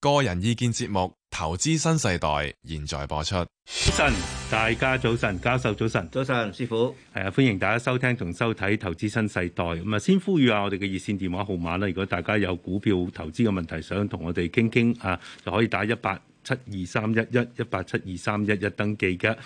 個人意見節目《投資新世代》現在播出。早晨，大家早晨，教授早晨，早晨，師傅係啊，歡迎大家收聽同收睇《投資新世代》。咁啊，先呼籲下我哋嘅熱線電話號碼啦。如果大家有股票投資嘅問題想談談，想同我哋傾傾啊，就可以打一八。七二三一一一八七二三一一登記嘅。誒、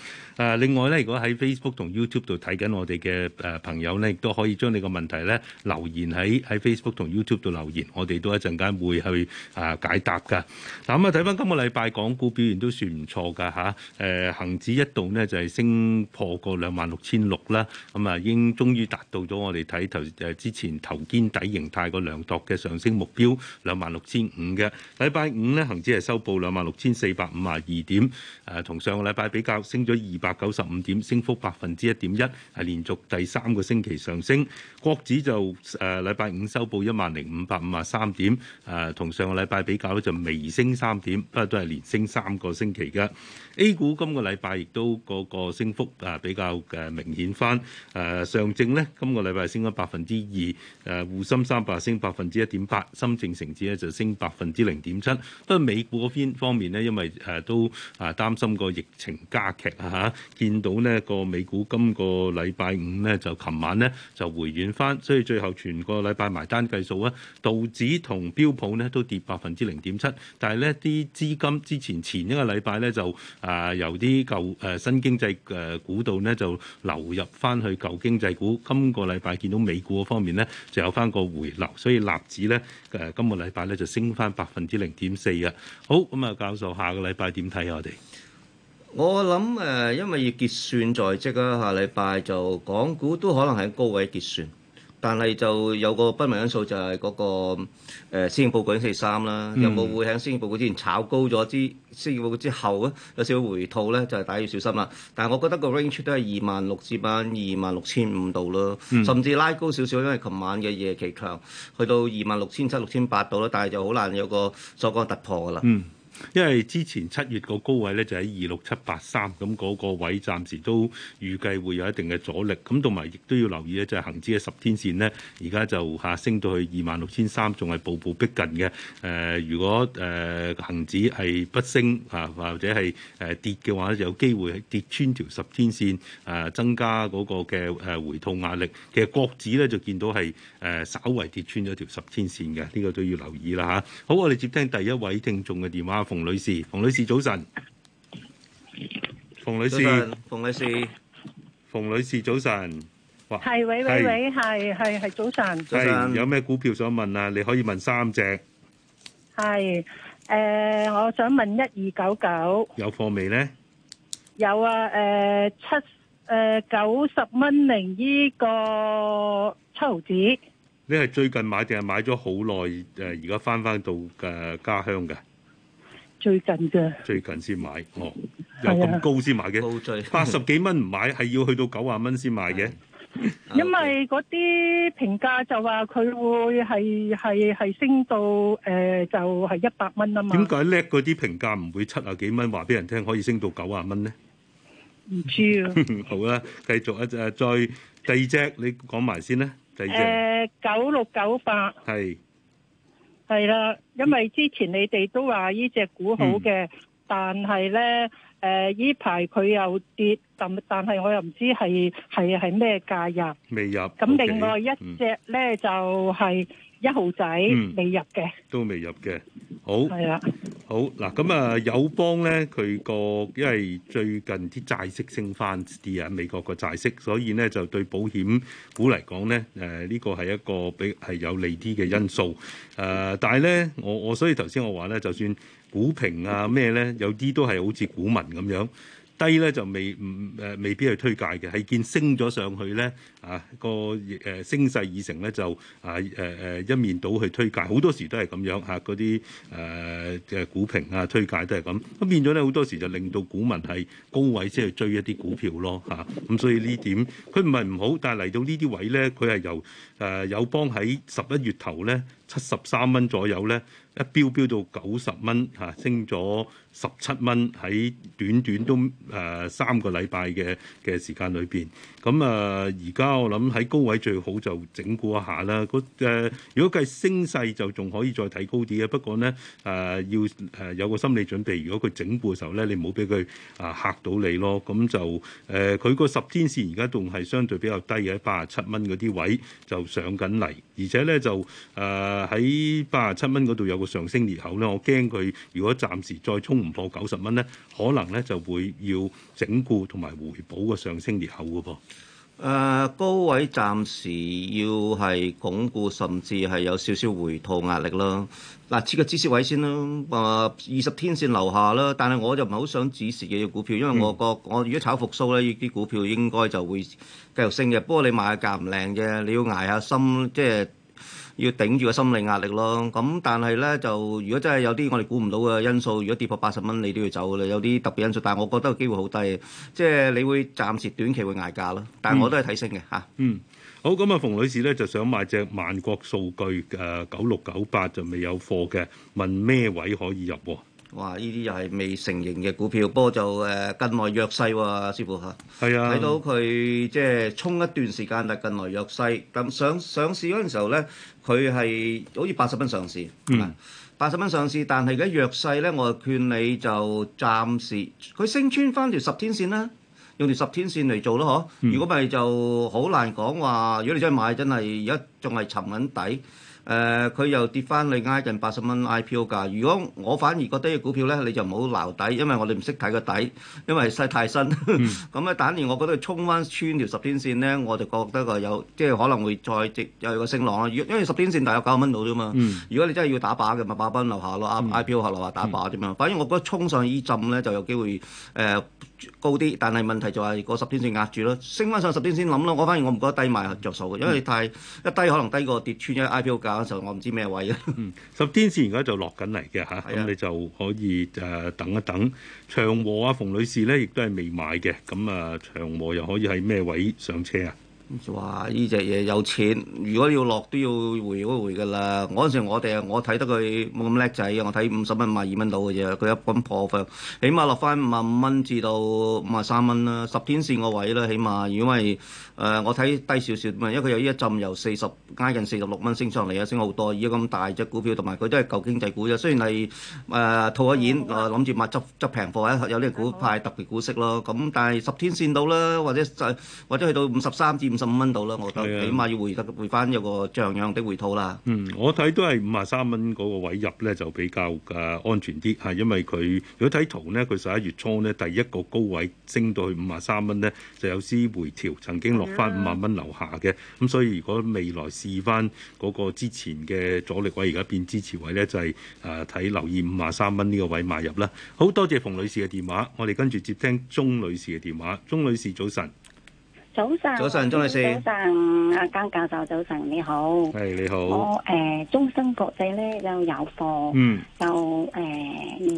啊，另外咧，如果喺 Facebook 同 YouTube 度睇緊我哋嘅誒朋友呢，亦都可以將你個問題咧留言喺喺 Facebook 同 YouTube 度留言，我哋都一陣間會去誒解答㗎。嗱咁啊，睇翻今個禮拜港股表現都算唔錯㗎吓。誒、啊，恆指一度呢就係、是、升破過兩萬六千六啦。咁啊，應終於達到咗我哋睇頭誒之前頭肩底形態個量度嘅上升目標兩萬六千五嘅。禮拜五呢，恆指係收報兩萬六。千四百五十二點，誒同上個禮拜比較，升咗二百九十五點，升幅百分之一點一，係連續第三個星期上升。國指就誒禮拜五收報一萬零五百五十三點，誒同上個禮拜比較呢就微升三點，不過都係連升三個星期嘅。A 股今個禮拜亦都個個升幅啊比較誒明顯翻。誒上證呢，今個禮拜升咗百分之二，誒滬深三百升百分之一點八，深證成指咧就升百分之零點七。不過美股嗰邊方面，因為誒都啊擔心個疫情加劇啊嚇，見到呢個美股今個禮拜五呢，就琴晚呢，就回軟翻，所以最後全個禮拜埋單計數啊，道指同標普呢都跌百分之零點七，但係呢啲資金之前前一個禮拜呢，就啊由啲舊誒新經濟誒股度呢，就流入翻去舊經濟股，今個禮拜見到美股方面呢，就有翻個回流，所以納指呢，誒今個禮拜呢，就升翻百分之零點四啊，好咁啊教授。下個禮拜點睇啊？我哋我諗誒、呃，因為要結算在即，啊，下禮拜就港股都可能喺高位結算，但係就有個不明因素就、那個，就係嗰個先證報告一四三啦。嗯、有冇會喺先證報告之前炒高咗之先證報告之後咧有少少回吐咧，就係大家要小心啦。但係我覺得個 range 都係二萬六至翻二萬六千五度咯，嗯、甚至拉高少少，因為琴晚嘅夜期強去到二萬六千七、六千八度啦，但係就好難有個所講嘅突破噶啦。嗯因為之前七月個高位咧就喺二六七八三，咁嗰個位暫時都預計會有一定嘅阻力。咁同埋亦都要留意咧，就係恒指嘅十天線呢，而家就下升到去二萬六千三，仲係步步逼近嘅。誒、呃，如果誒恆、呃、指係不升啊、呃，或者係誒跌嘅話咧，就有機會跌穿條十天線，誒、呃、增加嗰個嘅誒回吐壓力。其實國指咧就見到係誒稍為跌穿咗條十天線嘅，呢、這個都要留意啦嚇、啊。好，我哋接聽第一位聽眾嘅電話。馮女士，馮女士早晨。馮女士，馮女士，馮女士早晨。係喂喂喂，係係係早晨。早晨，有咩股票想問啊？你可以問三隻。係，誒，我想問一二九九。有貨未呢？有啊，誒七誒九十蚊零依個七毫子。你係最近買定係買咗好耐？誒，而家翻翻到嘅家鄉嘅。最近嘅，最近先買，哦，有咁高先買嘅，八十幾蚊唔買，係要去到九啊蚊先買嘅，因為嗰啲評價就話佢會係係係升到誒就係一百蚊啊嘛。點解叻嗰啲評價唔會七啊幾蚊話俾人聽可以升到九啊蚊呢？唔知啊。好啦，繼續一隻再第二隻，你講埋先啦。第二隻，九六九八，係。係啦，因為之前你哋都話呢隻股好嘅，嗯、但係咧，誒呢排佢又跌，但但係我又唔知係係咩價入，價未入。咁另外一隻呢，嗯、就係一號仔、嗯、未入嘅，都未入嘅。好係啦。好嗱，咁啊友邦咧，佢個因為最近啲債息升返啲啊，美國個債息，所以咧就對保險股嚟講咧，誒呢個係一個比較有利啲嘅因素。誒、呃，但係咧，我我所以頭先我話咧，就算股評啊咩咧，有啲都係好似股民咁樣。低咧就未唔誒，未必去推介嘅，係見升咗上去咧，啊個誒升勢已成咧，就啊誒誒、啊、一面倒去推介，好多時都係咁樣嚇嗰啲誒嘅股評啊推介都係咁，咁變咗咧好多時就令到股民係高位先去追一啲股票咯嚇，咁、啊、所以呢點佢唔係唔好，但係嚟到呢啲位咧，佢係由誒友、啊、邦喺十一月頭咧七十三蚊左右咧一飆飆到九十蚊嚇，升咗。十七蚊喺短短都誒三個禮拜嘅嘅時間裏邊，咁啊而家我諗喺高位最好就整固一下啦。誒如果計升勢就仲可以再睇高啲嘅，不過咧誒要誒有個心理準備，如果佢整固嘅時候咧，你唔好俾佢誒吓到你咯。咁就誒佢個十天線而家仲係相對比較低嘅，八十七蚊嗰啲位就上緊嚟，而且咧就誒喺八十七蚊嗰度有個上升裂口啦，我驚佢如果暫時再衝。唔破九十蚊咧，可能咧就會要整固同埋回補個上升後噶噃。誒高位暫時要係鞏固，甚至係有少少回吐壓力啦。嗱、啊，設個止蝕位先啦。誒二十天線留下啦。但係我就唔係好想止蝕嘅啲股票，因為我覺、mm. 我如果炒復甦咧，啲股票應該就會繼續升嘅。不過你買嘅價唔靚嘅，你要挨下心，即係。要頂住個心理壓力咯，咁但係咧就如果真係有啲我哋估唔到嘅因素，如果跌破八十蚊，你都要走噶啦。有啲特別因素，但係我覺得機會好低，即係你會暫時短期會捱價咯。但我都係睇升嘅嚇。嗯，啊、嗯，好咁，啊，馮女士咧就想買隻萬國數據嘅九六九八就未有貨嘅，問咩位可以入，啊？哇！呢啲又係未成型嘅股票，不過就誒近來弱勢喎，啊，師傅嚇。係啊，睇，啊，到佢即係衝一段時間，但近來弱勢。咁上上，上，上市嗰陣時候咧。佢係好似八十蚊上市，八十蚊上市，但係而家弱勢咧，我就勸你就暫時，佢升穿翻條十天線啦，用條十天線嚟做咯，嗬、嗯！如果唔係就好難講話。如果你真係買，真係而家仲係沉緊底。誒佢、呃、又跌翻去挨近八十蚊 IPO 價。如果我反而覺得嘅股票咧，你就唔好留底，因為我哋唔識睇個底，因為太新。咁咧、嗯， 嗯、但係我覺得佢衝翻穿條十天線咧，我就覺得佢有即係可能會再直有個升浪啊！因為十天線大概九啊蚊到啫嘛。嗯、如果你真係要打靶嘅，咪八蚊留下咯，IPO 下落話、嗯、打靶點樣？嗯、反而我覺得衝上呢浸咧就有機會誒。呃高啲，但係問題就係個十天線壓住咯，升翻上十天線先諗咯。我反而我唔覺得低買合着數嘅，因為太、嗯、一低可能低過跌穿咗。IPO 價嗰時候，我唔知咩位啦、嗯。十天線而家就落緊嚟嘅嚇，咁、啊、你就可以誒、呃、等一等。長和啊，馮女士呢亦都係未買嘅，咁啊長和又可以喺咩位上車啊？就話呢隻嘢有錢，如果要落都要回一回噶啦。嗰陣時我哋啊，我睇得佢冇咁叻仔，我睇五十蚊買二蚊到嘅啫。佢一般破發，起碼落翻五啊五蚊至到五啊三蚊啦，十天線個位啦，起碼如果係誒我睇低少少，因為、呃、點點因為佢又一浸由四十加近四十六蚊升上嚟啊，升好多，而家咁大隻股票，同埋佢都係舊經濟股啫。雖然係誒、呃、套下現，誒諗住買執執平貨啊，貨貨有啲股派特別股息咯。咁但係十天線到啦，或者就或者去到五十三至五。十。十五蚊到啦，我覺得起碼要回得回翻有個像樣的回吐啦。嗯，我睇都係五啊三蚊嗰個位入呢，就比較誒安全啲，係因為佢如果睇圖呢，佢十一月初呢，第一個高位升到去五啊三蚊呢，就有啲回調，曾經落翻五萬蚊樓下嘅。咁的所以如果未來試翻嗰個之前嘅阻力位，而家變支持位呢，就係誒睇留意五啊三蚊呢個位買入啦。好多謝馮女士嘅電話，我哋跟住接聽鍾女士嘅電話。鍾女士早晨。早晨，早晨，鍾女士，早晨，阿姜教授，早晨，你好，係你好。 我誒、呃，中升國際咧就有貨，嗯，就誒二、呃、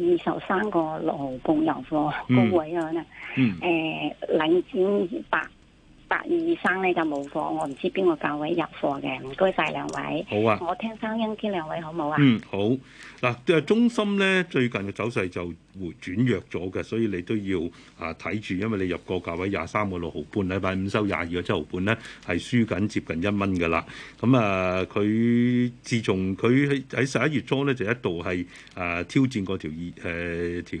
二十三個六毫共有貨，高位啊咧，誒領展。二百、呃。廿二生呢就冇貨，我唔知邊個價位入貨嘅，唔該晒，兩位。好啊，我聽聲音，先兩位好唔好啊？嗯，mm. 好。嗱，誒中心呢最近嘅走勢就轉弱咗嘅，所以你都要啊睇住，因為你入個價位廿三個六毫半，禮拜五收廿二個七毫半呢，係輸緊接近一蚊嘅啦。咁、嗯、啊，佢自從佢喺喺十一月初呢，就一度係啊挑戰嗰條二誒條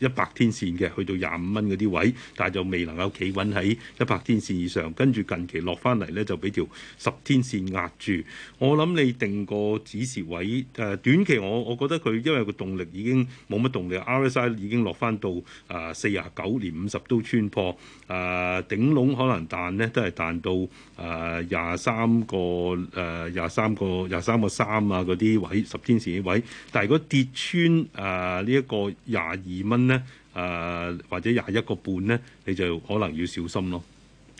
一百天線嘅，去到廿五蚊嗰啲位，但係就未能夠企穩喺一百天線以上。跟住近期落翻嚟咧，就俾條十天線壓住。我諗你定個指示位誒、呃、短期我，我我覺得佢因為個動力已經冇乜動力，RSI 已經落翻到啊四十九連五十都穿破啊頂籠，呃、可能彈呢，都係彈到、呃呃、啊廿三個誒廿三個廿三個三啊嗰啲位十天線啲位。但係如果跌穿啊、呃這個、呢一個廿二蚊咧誒或者廿一個半咧，你就可能要小心咯。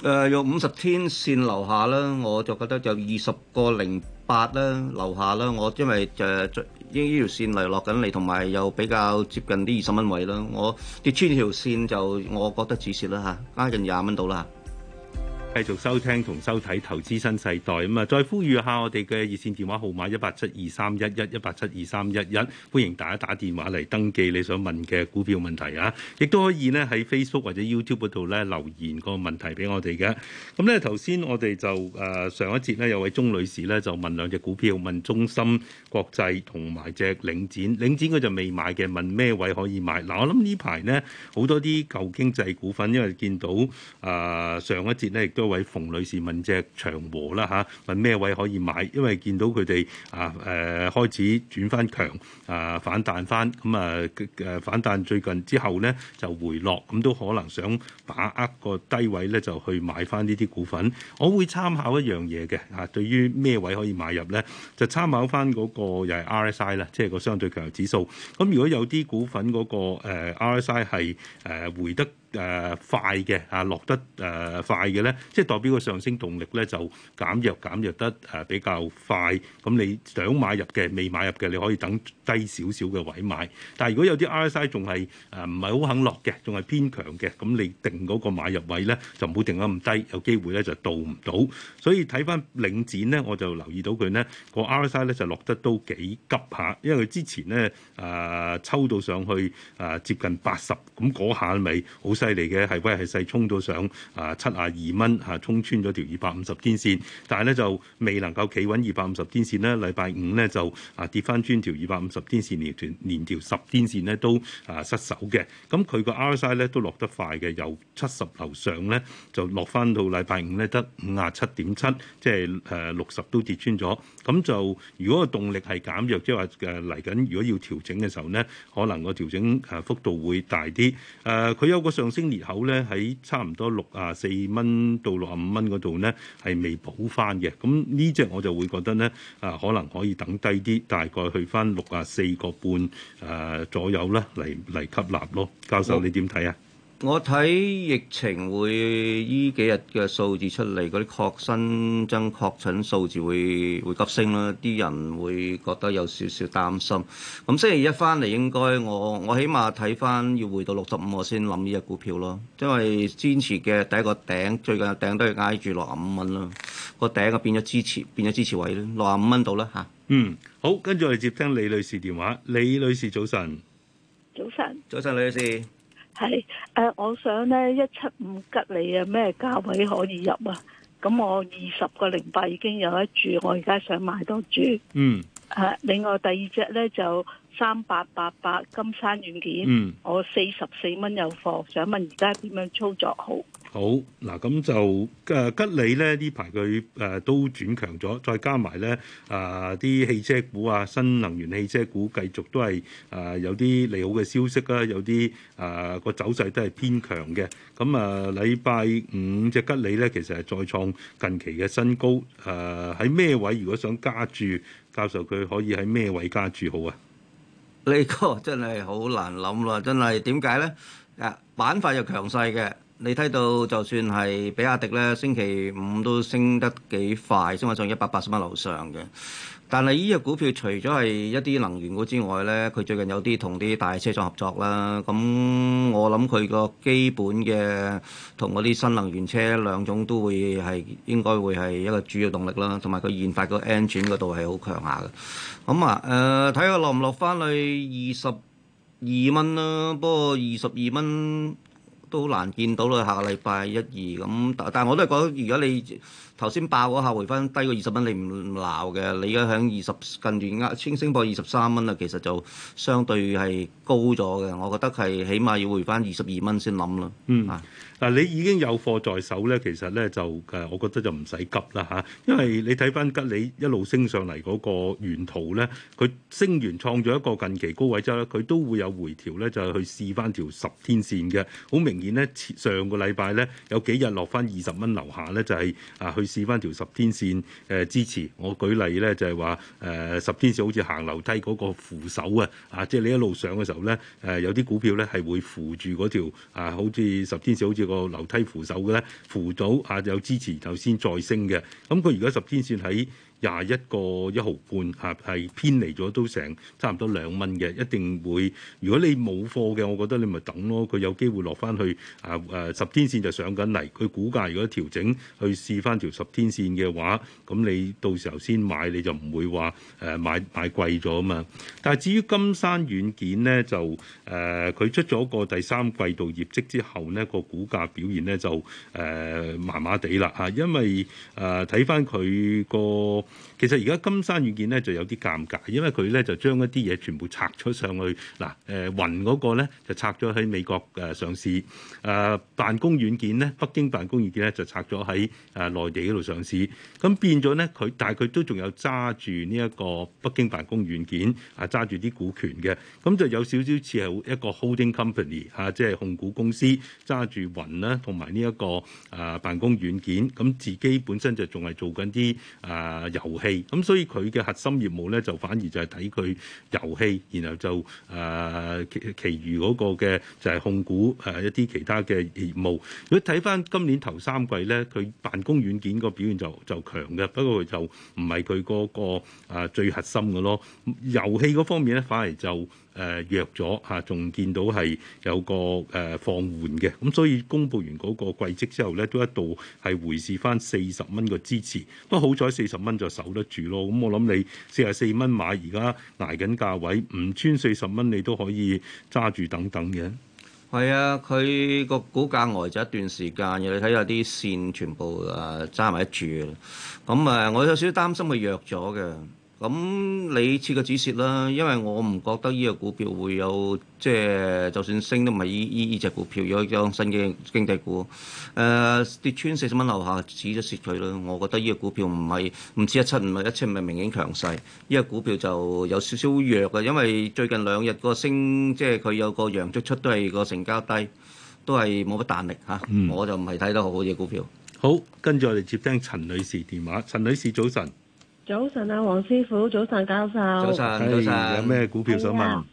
誒用五十天線留下啦，我就覺得就二十個零八啦，留下啦。我因為誒依依條線嚟落緊嚟，同埋又比較接近啲二十蚊位啦。我跌穿條線就我覺得止蝕啦嚇，挨近廿蚊度啦嚇。繼續收聽同收睇《投資新世代》咁啊！再呼籲下我哋嘅熱線電話號碼一八七二三一一一八七二三一一，歡迎大家打電話嚟登記你想問嘅股票問題啊！亦都可以咧喺 Facebook 或者 YouTube 嗰度咧留言個問題俾我哋嘅。咁咧頭先我哋就誒上一節咧有位鐘女士咧就問兩隻股票，問中芯國際同埋隻領展，領展佢就未買嘅，問咩位可以買？嗱，我諗呢排咧好多啲舊經濟股份，因為見到誒上一節咧亦都。各位馮女士問隻長和啦嚇，問咩位可以買？因為見到佢哋啊誒開始轉翻強啊反彈翻，咁啊誒反彈最近之後咧就回落，咁、嗯、都可能想把握個低位咧就去買翻呢啲股份。我會參考一樣嘢嘅嚇，對於咩位可以買入咧，就參考翻嗰個又係 RSI 啦、啊，即係個相對強弱指數。咁如果有啲股份嗰、那個、呃、RSI 係誒、呃、回得。誒、呃、快嘅啊落得誒、呃、快嘅咧，即係代表個上升動力咧就減弱，減弱得誒、呃、比較快。咁你想買入嘅未買入嘅，你可以等低少少嘅位買。但係如果有啲 RSI 仲係誒唔係好肯落嘅，仲係偏強嘅，咁你定嗰個買入位咧就唔會定得咁低，有機會咧就到唔到。所以睇翻領展咧，我就留意到佢咧、個 RSI 咧就落得都幾急下，因為佢之前咧誒、呃、抽到上去誒、呃、接近八十咁嗰下咪好嚟嘅係威係勢衝咗上啊七啊二蚊嚇，衝穿咗條二百五十天線，但係咧就未能夠企穩二百五十天線咧。禮拜五咧就啊跌翻穿條二百五十天線連條連條十天線咧都啊失守嘅。咁佢個 RSI 咧都落得快嘅，由七十樓上咧就落翻到禮拜五咧得五啊七點七，即係誒六十都跌穿咗。咁就如果個動力係減弱，即係話誒嚟緊如果要調整嘅時候咧，可能個調整誒幅度會大啲。誒佢有個上。升裂口咧，喺差唔多六啊四蚊到六啊五蚊嗰度咧，係未補翻嘅。咁呢隻我就會覺得咧，啊可能可以等低啲，大概去翻六啊四個半誒左右啦，嚟嚟吸納咯。教授你點睇啊？ 我睇疫情會呢幾日嘅數字出嚟，嗰啲確新增確診數字會會急升啦，啲人會覺得有少少擔心。咁星期一翻嚟，應該我我起碼睇翻要回到六十五，我先諗呢隻股票咯。因為堅持嘅第一個頂，最近頂都係挨住六十五蚊啦。個頂啊變咗支持，變咗支持位啦，六十五蚊度啦吓。嗯，好，跟住我哋接聽李女士電話。李女士早晨，早晨，早晨，李女，女士。係，誒、呃，我想咧，一七五吉利啊，咩價位可以入啊？咁我二十個零八已經有一注，我而家想買多注。嗯，誒、啊，另外第二隻咧就。三八八八金山軟件，嗯、我四十四蚊有貨。想問而家點樣操作好？好嗱，咁就誒吉利咧呢排佢誒都轉強咗，再加埋咧啊啲汽車股啊，新能源汽車股繼續都係誒、啊、有啲利好嘅消息啦、啊，有啲誒個走勢都係偏強嘅。咁啊，禮拜五隻吉利咧，其實係再創近期嘅新高。誒喺咩位如果想加注，教授佢可以喺咩位加注好啊？呢個真係好難諗咯，真係點解咧？誒，板塊又強勢嘅，你睇到就算係比亞迪咧，星期五都升得幾快，升返上一百八十蚊樓上嘅。但係依隻股票除咗係一啲能源股之外咧，佢最近有啲同啲大車廠合作啦。咁、嗯、我諗佢個基本嘅同嗰啲新能源車兩種都會係應該會係一個主要動力啦。同埋佢研發個 N 卷嗰度係好強下嘅。咁、嗯、啊誒，睇、呃、下落唔落翻去二十二蚊啦。不過二十二蚊都好難見到啦。下個禮拜一二咁，但係我都係覺得如果你。頭先爆嗰下回翻低過二十蚊，你唔鬧嘅。你而家喺二十近住壓穿升破二十三蚊啦，其實就相對係高咗嘅。我覺得係起碼要回翻二十二蚊先諗啦。嗯。嗱你已經有貨在手咧，其實咧就誒，我覺得就唔使急啦嚇，因為你睇翻吉利一路升上嚟嗰個沿途咧，佢升完創咗一個近期高位之後咧，佢都會有回調咧，就係去試翻條十天線嘅。好明顯咧，上個禮拜咧有幾日落翻二十蚊樓下咧，就係啊去試翻條十天線誒支持。我舉例咧就係話誒十天線好似行樓梯嗰個扶手啊，啊即係你一路上嘅時候咧誒有啲股票咧係會扶住嗰條啊，好似十天線好似。個樓梯扶手嘅咧，扶到啊有支持就先再升嘅。咁佢如果十天線喺。廿一個一毫半嚇，係偏離咗都成差唔多兩蚊嘅，一定會。如果你冇貨嘅，我覺得你咪等咯。佢有機會落翻去啊誒、啊、十天線就上緊嚟，佢股價如果調整，去試翻條十天線嘅話，咁你到時候先買，你就唔會話誒、啊、買買貴咗啊嘛。但係至於金山軟件咧，就誒佢、啊、出咗個第三季度業績之後咧，個股價表現咧就誒麻麻地啦嚇，因為誒睇翻佢個。啊其實而家金山軟件咧就有啲尷尬，因為佢咧就將一啲嘢全部拆咗上去。嗱，誒雲嗰個咧就拆咗喺美國誒上市，誒、呃、辦公軟件咧北京辦公軟件咧就拆咗喺誒內地嗰度上市。咁變咗咧佢，但係佢都仲有揸住呢一個北京辦公軟件啊，揸住啲股權嘅。咁就有少少似係一個 holding company 嚇、啊，即係控股公司揸住雲啦，同埋呢一個誒、呃、辦公軟件。咁自己本身就仲係做緊啲誒。呃遊戲咁，所以佢嘅核心業務咧就反而就係睇佢遊戲，然後就誒、呃、其、其餘嗰個嘅就係控股誒、呃、一啲其他嘅業務。如果睇返今年頭三季咧，佢辦公軟件個表現就就強嘅，不過佢就唔係佢嗰個、啊、最核心嘅咯。遊戲嗰方面咧，反而就。誒、呃、弱咗吓，仲、啊、見到係有個誒、呃、放緩嘅，咁、啊、所以公佈完嗰個季績之後咧，都一度係回試翻四十蚊嘅支持。不過好彩四十蚊就守得住咯。咁、啊嗯、我諗你四十四蚊買而家挨緊價位，唔穿四十蚊你都可以揸住等等嘅。係啊，佢個股價呆咗一段時間嘅，你睇下啲線全部誒揸埋住。咁啊，啊，我有少少擔心佢弱咗嘅。咁你設個止蝕啦，因為我唔覺得呢個股票會有即係就算升都唔係依依隻股票，有一張新嘅經濟股，誒、呃、跌穿四十蚊樓下止咗蝕佢啦。我覺得呢個股票唔係唔似一七唔係，一七唔係明顯強勢，呢、呢個股票就有少少弱嘅，因為最近兩日個升即係佢有個陽燭出，出都係個成交低，都係冇乜彈力嚇，啊嗯、我就唔係睇得好好嘅股票。好，跟住我哋接聽陳女士電話，陳女士早晨。早晨啊，黃師傅，早晨教授，早晨早晨，有咩股票想問？啊、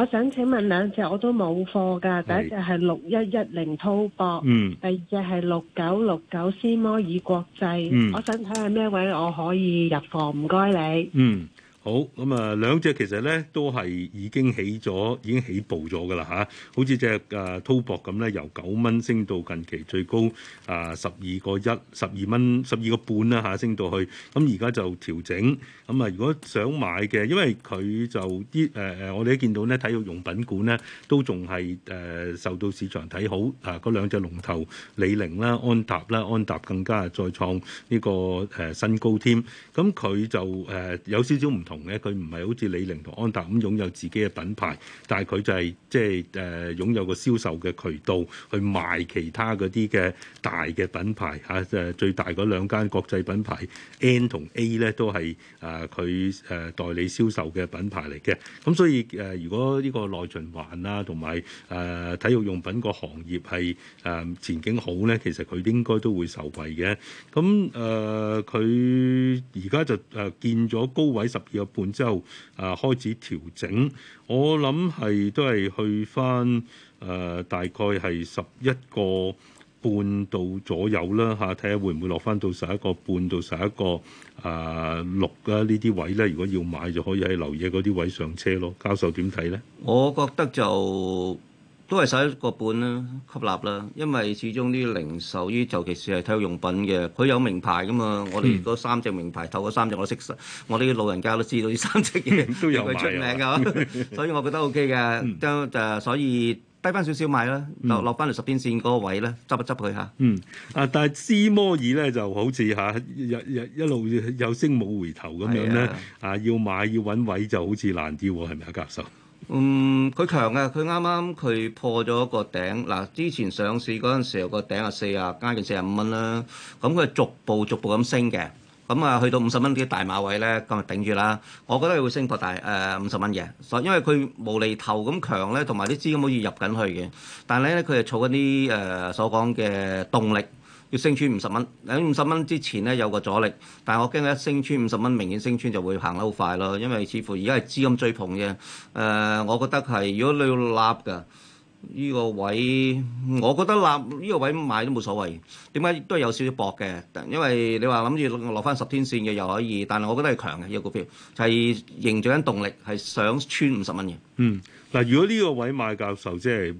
我想請問兩隻我都冇貨㗎，是第一隻係六一一零滔搏，嗯，第二隻係六九六九思摩爾國際，嗯，我想睇下咩位我可以入貨，唔該你，嗯。好咁啊，兩隻其實咧都係已經起咗，已經起步咗噶啦嚇。好似隻誒滔博咁咧，由九蚊升到近期最高啊十二個一，十二蚊十二個半啦嚇，升到去。咁而家就調整。咁啊，如果想買嘅，因為佢就啲誒誒，我哋都見到咧，體育用品股咧都仲係誒受到市場睇好。啊，嗰兩隻龍頭李寧啦、安踏啦、安踏更加係再創呢、這個誒、呃、新高添。咁、啊、佢就誒、呃、有少少唔同。咧，佢唔係好似李寧同安踏咁擁有自己嘅品牌，但係佢就係即係誒擁有個銷售嘅渠道去賣其他嗰啲嘅大嘅品牌嚇誒、啊，最大嗰兩間國際品牌 N 同 A 咧都係誒佢誒代理銷售嘅品牌嚟嘅。咁所以誒、呃、如果呢個內循環啊同埋誒體育用品個行業係誒、呃、前景好咧，其實佢應該都會受惠嘅。咁誒佢而家就誒見咗高位十二。半之後，啊開始調整，我諗係都係去翻，誒大概係十一個半度左右啦嚇，睇下會唔會落翻到十一個半到十一個啊六啊呢啲位咧，如果要買就可以喺留嘢嗰啲位上車咯。教授點睇咧？我覺得就。都係使一個半啦，吸納啦，因為始終啲零售呢，尤其是係體育用品嘅，佢有名牌噶嘛。我哋嗰三隻名牌，嗯、頭嗰三隻我識，我哋啲老人家都知道呢三隻嘢，都佢出名㗎，嗯、唉 所以我覺得 O K 嘅，就所以低翻少少買啦，落落翻嚟十天線嗰個位咧，執一執佢嚇。嗯，啊，但係思摩爾咧就好似嚇，一、啊、路有升冇回頭咁樣咧，啊，啊，要買要揾位就好似難啲喎，係咪啊，教、啊、授？嗯，佢強嘅，佢啱啱佢破咗個頂，嗱、啊、之前上市嗰陣時候個頂係四啊，加住四十五蚊啦，咁佢逐步逐步咁升嘅，咁、嗯、啊去到五十蚊啲大馬位咧，咁啊頂住啦，我覺得佢會升破大誒五十蚊嘅，所因為佢無厘頭咁強咧，同埋啲資金好似入緊去嘅，但係咧佢係儲緊啲誒所講嘅動力。要升穿五十蚊，喺五十蚊之前咧，有個阻力，但係我驚佢一升穿五十蚊，明顯升穿就會行得好快咯。因為似乎而家係資金追捧嘅，誒、呃，我覺得係如果你要立嘅呢個位，我覺得立，呢、呢個位買都冇所謂。點解都係有少少薄嘅？因為你話諗住落翻十天線嘅又可以，但係我覺得係強嘅呢、呢個股票，就係凝聚緊動力，係想穿五十蚊嘅。嗯。嗱，如果呢個位馬教授即係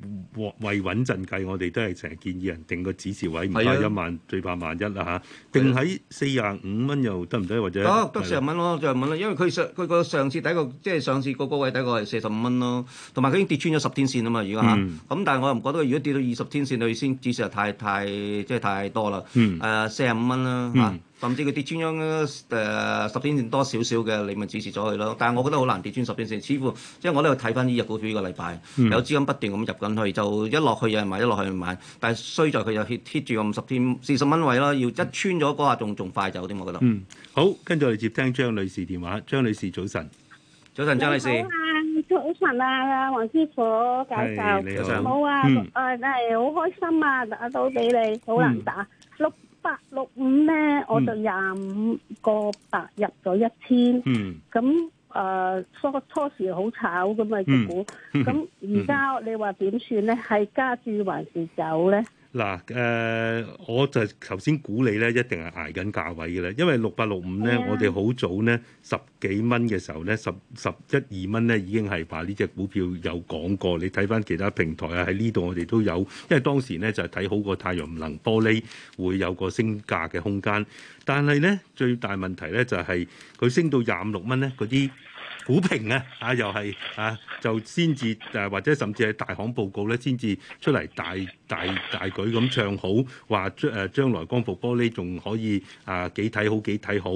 為穩陣計，我哋都係成日建議人定個指示位唔怕一萬，的最怕萬一啦嚇。的定喺四十五蚊又得唔得？或者得四十蚊咯，四者的十蚊咯，因為佢上佢個上次第一個即係、就是、上次個高位第一個係四十五蚊咯，同埋佢已經跌穿咗十天線啊嘛，如果吓，咁、嗯、但係我又唔覺得，如果跌到二十天線，你先指示又太太，太即係太多啦。誒、嗯呃，四十五蚊啦嚇。嗯嗯甚至佢跌穿咗誒、呃、十天線多少少嘅，你咪指示咗佢咯。但係我覺得好難跌穿十天線，似乎即係我都度睇翻呢日股表，呢個禮拜有資金不斷咁入緊去，就一落去有人買，一落去有人買。但係衰在佢又貼住個五十天四十蚊位咯，要一穿咗嗰下仲仲快走啲，我覺得。嗯。好，跟住嚟接聽張女士電話。張女士早晨。早晨，張女士。早晨啊，黃師傅教授。早晨。好。好啊，誒真係好開心啊！打到俾你好難打。嗯八六五咧，我就廿五個八入咗一千，嗯，咁誒、呃，初初時好炒咁嘛，隻、嗯、股，咁而家你話點算咧？係加注還是走咧？嗱，誒、呃，我就頭先估你咧，一定係挨緊價位嘅咧，因為六百六五咧，啊、我哋好早咧十幾蚊嘅時候咧，十十一二蚊咧已經係話呢隻股票有講過，你睇翻其他平台啊，喺呢度我哋都有，因為當時咧就係、是、睇好個太陽能玻璃會有個升價嘅空間，但係咧最大問題咧就係、是、佢升到廿五六蚊咧，嗰啲股評啊，啊又係啊～就先至誒，或者甚至係大行報告咧，先至出嚟大大大，大舉咁唱好，話將誒將來光伏玻璃仲可以啊幾睇好幾睇好。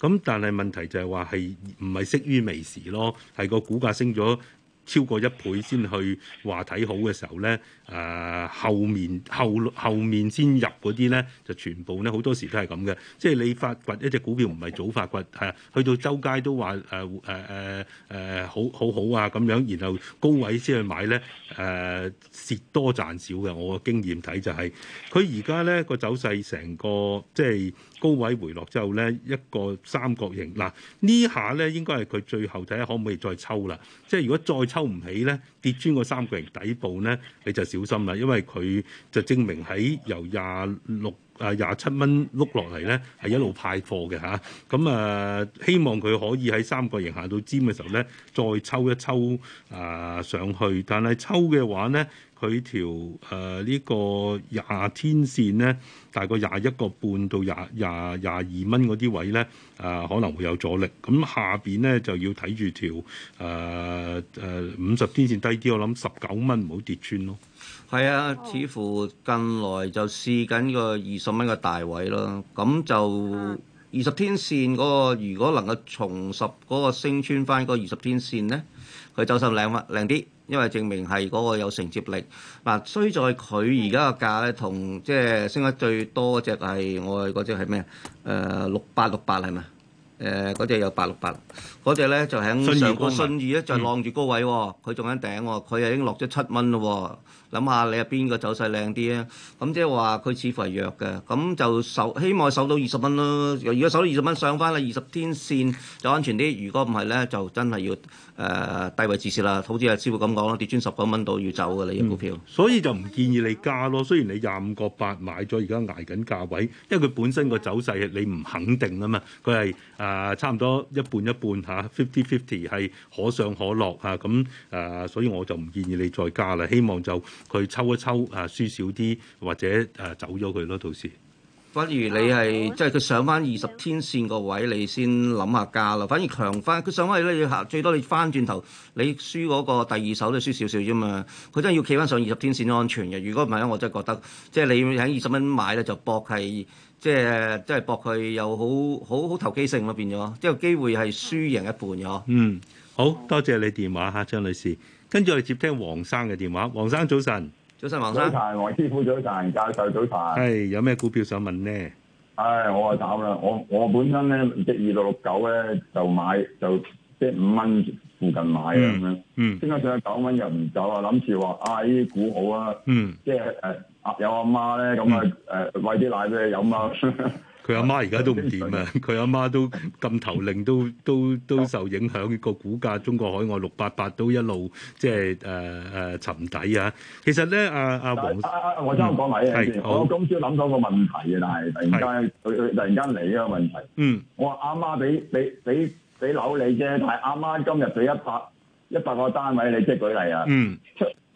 咁但係問題就係話係唔係適於微時咯？係個股價升咗超過一倍先去話睇好嘅時候咧。誒、呃、後面後後面先入嗰啲咧，就全部咧好多時都係咁嘅。即、就、係、是、你發掘一隻股票唔係早發掘，係去到周街都話誒誒誒誒好好好啊咁樣，然後高位先去買咧，誒、呃、蝕多賺少嘅。我嘅經驗睇就係佢而家咧個走勢成個即係、就是、高位回落之後咧一個三角形嗱呢下咧應該係佢最後睇下可唔可以再抽啦？即係如果再抽唔起咧，跌穿個三角形底部咧，你就少，小心啦，因為佢就證明喺由廿六啊廿七蚊碌落嚟咧，係一路派貨嘅嚇。咁啊，希望佢可以喺三角形行到尖嘅時候咧，再抽一抽啊上去。但係抽嘅話咧，佢條誒呢、啊呢個廿天線咧，大概廿一個半到廿廿廿二蚊嗰啲位咧，啊可能會有阻力。咁、啊、下邊咧就要睇住條誒誒五十天線低啲，我諗十九蚊唔好跌穿咯。係啊，似乎近來就試緊個二十蚊嘅大位咯。咁就二十天線嗰、嗰個，如果能夠重拾嗰個升穿翻嗰二十天線咧，佢走勢靚翻靚啲，因為證明係嗰個有承接力。嗱、啊，雖在佢而家嘅價咧，同即係升得最多嗰隻係我哋嗰隻係咩啊？誒六八六八係咪？誒嗰隻有八六八，嗰隻咧就喺上，信義咧就浪住高位喎，佢仲喺頂喎，佢係已經落咗七蚊咯喎。諗下你係邊個走勢靚啲啊？咁即係話佢似乎係弱嘅，咁就守希望守到二十蚊咯。如果守到二十蚊上返啦，二十天線就安全啲。如果唔係咧，就真係要誒、呃、低位止蝕啦。好似阿師傅咁講咯，跌穿十九蚊度要走嘅呢股票、嗯。所以就唔建議你加咯。雖然你廿五個八買咗，而家挨緊價位，因為佢本身個走勢你唔肯定啊嘛。佢係誒差唔多一半一半嚇，fifty-fifty 係可上可落嚇咁誒，所以我就唔建議你再加啦。希望就～佢抽一抽，誒輸少啲，或者誒、啊、走咗佢咯，到時不如你係即係佢上翻二十天線個位，你先諗下價啦。反而強翻，佢上翻去咧要最多你翻轉頭，你輸嗰個第二手都輸少少啫嘛。佢真係要企翻上二十天線安全嘅。如果唔係咧，我真係覺得即係你喺二十蚊買咧，就博係即係即係博佢有好好好投機性咯，變咗即係機會係輸贏一半咗。嗯，好多謝你電話嚇張女士。跟住我哋接聽黃生嘅電話，黃生早晨，早晨黃生。早晨黃師傅，早晨教授，早晨。係有咩股票想問呢？唉，我話淡啦，我我本身咧，即二六六九咧就買就即係五蚊附近買咁樣，嗯，嗯，升咗上去九蚊又唔走啊，諗住話啊呢啲股好啊，嗯，即係誒阿有阿媽咧，咁啊誒喂啲奶俾佢飲啊。 佢阿媽而家都唔掂啊！佢阿媽都咁頭令都都都受影響，個股價中國海外六八八都一路即係誒誒沉底啊！其實咧，阿阿黃阿阿黃生我講埋先，我今朝諗到個問題啊！但係突然間佢突然間嚟呢個問題，嗯，我話阿媽俾俾俾俾樓你啫，但係阿媽，媽今日俾一百一百個單位你，即係舉例啊，嗯。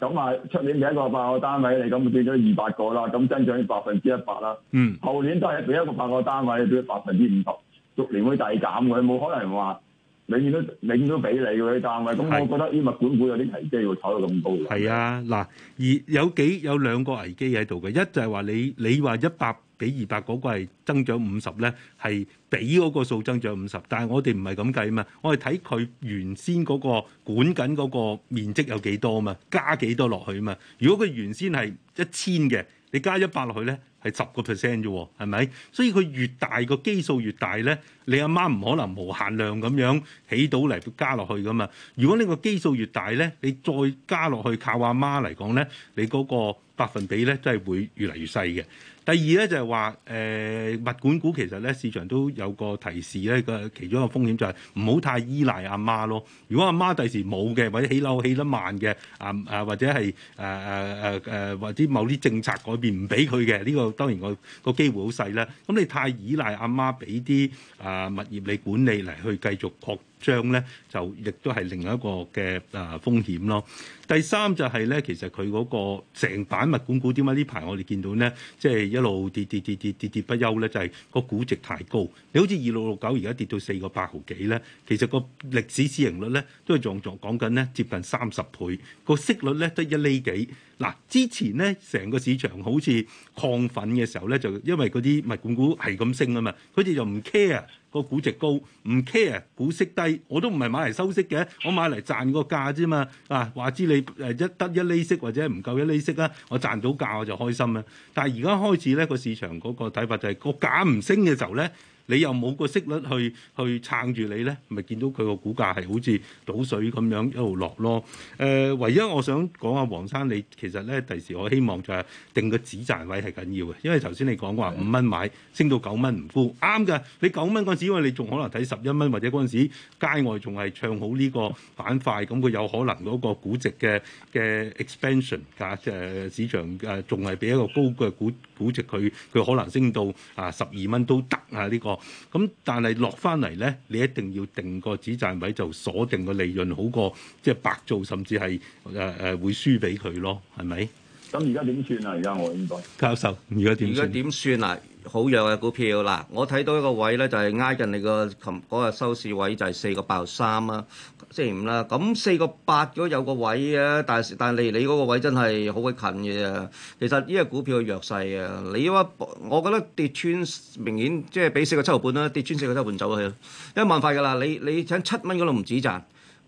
咁啊，出年俾一個百個單位，你咁變咗二百個啦，咁增長百分之一百啦。嗯，後年都係俾一個百個單位，變百分之五十，逐年會遞減嘅，冇可能話永遠都永遠都俾你個啲單位。咁我覺得呢物管股有啲危機，會炒到咁高。係啊，嗱，而有幾有兩個危機喺度嘅，一就係話你你話一百。俾二百嗰個係增長五十咧，係俾嗰個數增長五十，但係我哋唔係咁計啊嘛，我係睇佢原先嗰個管緊嗰個面積有幾多啊嘛，加幾多落去啊嘛。如果佢原先係一千嘅，你加一百落去咧，係十個 percent 啫，係咪？所以佢越大個基數越大咧，你阿媽唔可能無限量咁樣起到嚟加落去噶嘛。如果呢個基數越大咧，你再加落去靠阿媽嚟講咧，你嗰個百分比咧真係會越嚟越細嘅。第二咧就係話，誒、呃、物管股其實咧市場都有個提示咧，個其中一個風險就係唔好太依賴阿媽咯。如果阿媽第時冇嘅，或者起樓起得慢嘅，啊啊或者係誒誒誒誒，或者某啲政策改變唔俾佢嘅，呢、這個當然個個機會好細啦。咁你太依賴阿媽俾啲啊物業你管理嚟去繼續擴。將咧就亦都係另外一個嘅誒風險咯。第三就係咧，其實佢嗰個成版物管股點解呢排我哋見到咧，即係一路跌跌跌跌跌跌不休咧，就係個估值太高。你好似二六六九而家跌到四個八毫幾咧，其實個歷史市盈率咧都係仲仲講緊咧接近三十倍，個息率咧得一厘幾。嗱，之前咧成個市場好似亢奮嘅時候咧，就因為嗰啲物管股係咁升啊嘛，佢哋就唔 care 個估值高，唔 care 股息低，我都唔係買嚟收息嘅，我買嚟賺個價啫嘛。啊，話知你誒一得一釐息或者唔夠一釐息啊，我賺到價我就開心啦。但係而家開始咧個市場嗰個睇法就係個價唔升嘅時候咧。你又冇個息率去去撐住你咧，咪見到佢個股價係好似倒水咁樣一路落咯？誒、呃，唯一我想講啊，黃生，你其實咧第時我希望就係定個止賺位係緊要嘅，因為頭先你講話五蚊的買，升到九蚊唔沽，啱㗎。你九蚊嗰陣時，因為你仲可能睇十一蚊，或者嗰陣時街外仲係唱好呢個板塊，咁佢有可能嗰個估值嘅嘅 expansion 價、啊、誒、啊、市場誒仲係俾一個高嘅股。估值佢佢可能升到啊十二蚊都得啊呢個，咁但係落翻嚟咧，你一定要定個止賺位就鎖定個利潤好過，即係白做甚至係誒誒會輸俾佢咯，係咪？咁而家點算啊？而家我應該教授，而家點而家點算啊？好弱嘅股票啦，我睇到一個位咧就係挨近你個琴嗰個收市位就83，就係四個八毫三啦、星期五啦。咁四個八如有個位啊，但係但係你你嗰個位真係好鬼近嘅啫。其實呢個股票嘅弱勢啊，你話我覺得跌穿明顯即係比四個七毫半啦，跌穿四個七毫半走咗去，因為萬快噶啦，你你請七蚊嗰度唔止賺。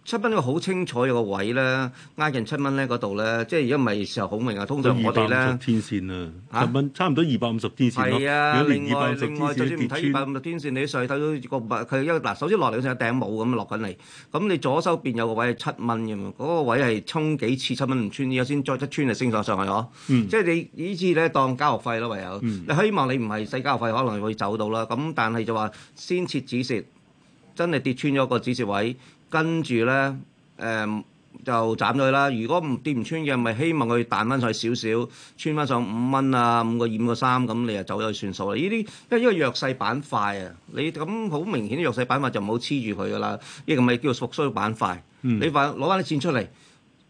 七蚊個好清楚有個位咧，挨近七蚊咧嗰度咧，即係而家唔係時候好明啊。通常我哋咧，天線啊，七蚊差唔多二百五十天線咯。係啊，如果另外二百五十另外，就算唔睇二百五十天線，你上去睇到個物，佢一嗱，首先落嚟好似有頂帽咁落緊嚟。咁你左手邊有個位係七蚊嘅嘛？嗰、嗰個位係衝幾次七蚊唔穿，然後先再一穿就升咗上去呵。嗯、即係你呢次咧當交學費咯，唯有。嗯、你希望你唔係使交學費，可能你會走到啦。咁但係就話先設止蝕，真係跌穿咗個止蝕位。跟住咧，誒、呃、就斬咗佢啦。如果唔跌唔穿嘅，咪希望佢彈翻上去少少，穿翻上五蚊啊，五個二五個三咁，你就走咗去算數啦。呢啲因為呢個弱勢板塊啊，你咁好明顯啲弱勢板塊就唔好黐住佢噶啦。呢個咪叫做復甦板塊，嗯、你反攞翻啲錢出嚟。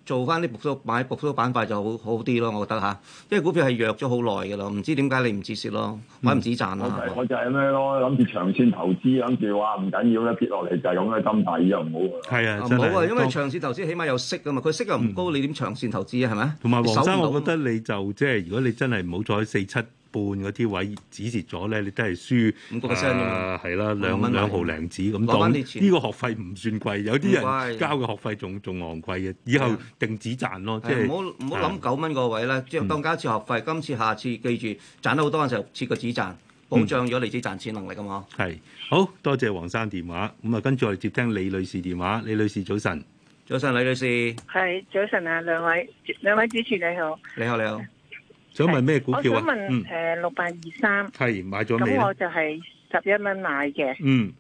做翻啲滬股買滬股板塊就好好啲咯，我覺得吓，因為股票係弱咗好耐嘅咯，唔知點解你唔止蝕咯，買唔止賺啦 Okay,。我就係咩咯，諗住長線投資，諗住話唔緊要咧，跌落嚟就係咁嘅金幣又唔好㗎啦。係啊，唔、啊、好啊，因為長線投資起碼有息㗎嘛，佢息又唔高，嗯、你點長線投資啊？係咪？同埋黃生，我覺得你就即係如果你真係唔好再四七。半嗰啲位止蝕咗咧，你都係輸、嗯、個個啊，係啦，兩蚊兩毫零紙咁當呢個學費唔算貴，有啲人交嘅學費仲仲昂貴嘅。以後定止賺咯，即係唔好唔好諗九蚊個位啦，即係當交一次學費。嗯、今次下次記住賺得好多嘅時候設個止賺，保障咗你自己賺錢能力啊嘛。係、嗯，好多謝黃生電話。咁啊，跟住我哋接聽李女士電話。李女士早晨，早晨李女士，係早晨啊，兩位兩位主持人好，你好你好。你好想問咩股票啊？誒六八二三係買咗。咁我就係十一蚊買嘅。嗯。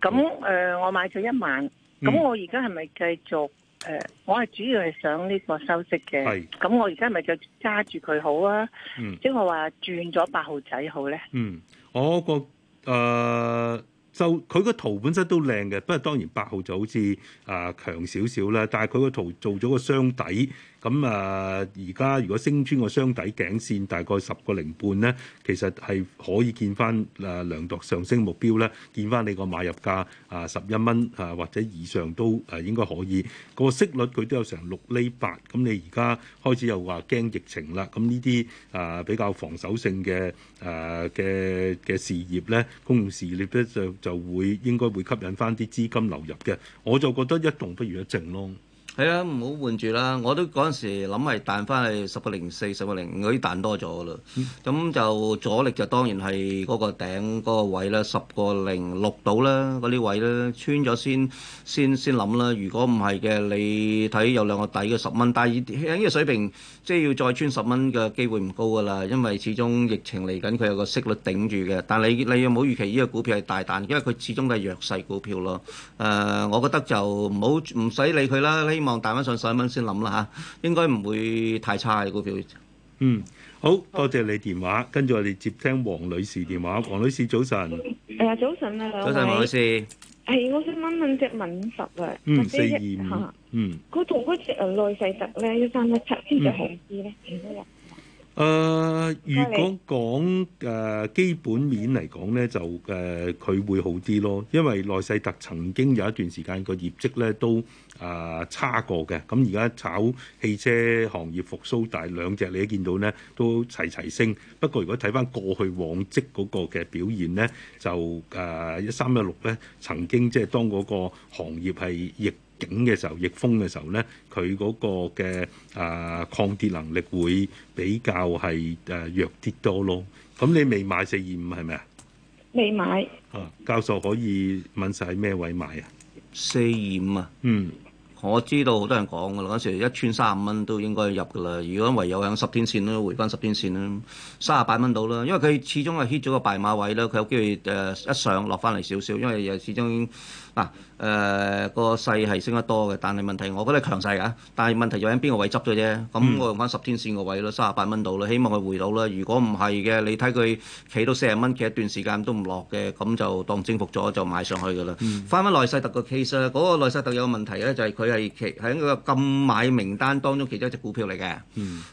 咁誒、嗯，我買咗一萬。咁我而家係咪繼續誒？我係主要係想呢個收息嘅。係。咁我而家係咪就揸住佢好啊？嗯。即係我話轉咗八號仔好咧。嗯，我、嗰個誒、呃、就佢個圖本身都靚嘅，不過當然八號就好似誒強少少啦。但係佢個圖做咗個雙底。咁啊，而家如果升穿個雙底頸線，大概十個零半咧，其實係可以見翻啊量度上升目標咧，見翻你個買入價啊十一蚊啊，或者以上都誒應該可以。個息率佢都有成六厘八，咁你而家開始又話驚疫情啦，咁呢啲啊比較防守性嘅啊嘅嘅事業咧，公共事業咧就就會應該會吸引翻啲資金流入嘅。我就覺得一動不如一靜咯。係啊，唔好換住啦！我都嗰陣時諗係彈翻去十個零四、十個零五，嗰啲彈多咗啦。咁、嗯、就阻力就當然係嗰個頂嗰、嗰個位啦，十個零六度啦，嗰啲位啦，穿咗先先先諗啦。如果唔係嘅，你睇有兩個底嘅十蚊，但係呢個水平，即、就、係、係、要再穿十蚊嘅機會唔高㗎啦。因為始終疫情嚟緊，佢有個息率頂住嘅。但係你你有冇預期呢個股票係大彈，因為佢始終都係弱勢股票咯。誒、呃，我覺得就唔好唔使理佢啦。希望。大蚊上十蚊先諗啦嚇，應該唔會太差嘅股票。嗯，好多謝你電話，跟住我哋接聽王女士電話。王女士早晨，誒早晨啊，早晨王女士，係我想問問隻敏實啊，嗯四二五，嗯，佢同嗰隻啊耐世特咧一三一七，邊隻好啲咧？嗯。嗯誒、呃，如果講誒、呃、基本面嚟講咧，就誒佢、呃、會好啲咯，因為耐世特曾經有一段時間個業績咧都誒、呃、差過嘅，咁而家炒汽車行業復甦，但係兩隻你都見到咧都齊齊升。不過如果睇返過去往績嗰個嘅表現咧，就誒一三一六咧曾經即係當嗰個行業係逆景嘅時候，逆風嘅時候咧，佢嗰個嘅啊抗跌能力會比較係誒、啊、弱啲多咯。咁你未買四二五係咪啊？未買。啊，教授可以問晒喺咩位買啊？四二五啊。嗯，我知道好多人講噶啦，嗰時一串三十五蚊都應該入噶啦。如果唯有響十天線咧，回翻十天線咧，三十八蚊到啦。因為佢始終係 hit 咗個敗馬位啦，佢有機會誒一上落翻嚟少少，因為又始終。啊！誒個勢係升得多嘅，但係問題，我覺得強勢啊。但係問題就喺邊個位執咗啫？咁我用翻十天線個位咯，三十八蚊度咯，希望佢回到啦。如果唔係嘅，你睇佢企到四十蚊企一段時間都唔落嘅，咁就當征服咗就買上去噶啦。翻翻耐世特個 case 咧，嗰個耐世特有個問題咧，就係佢係其喺個禁買名單當中其中一隻股票嚟嘅，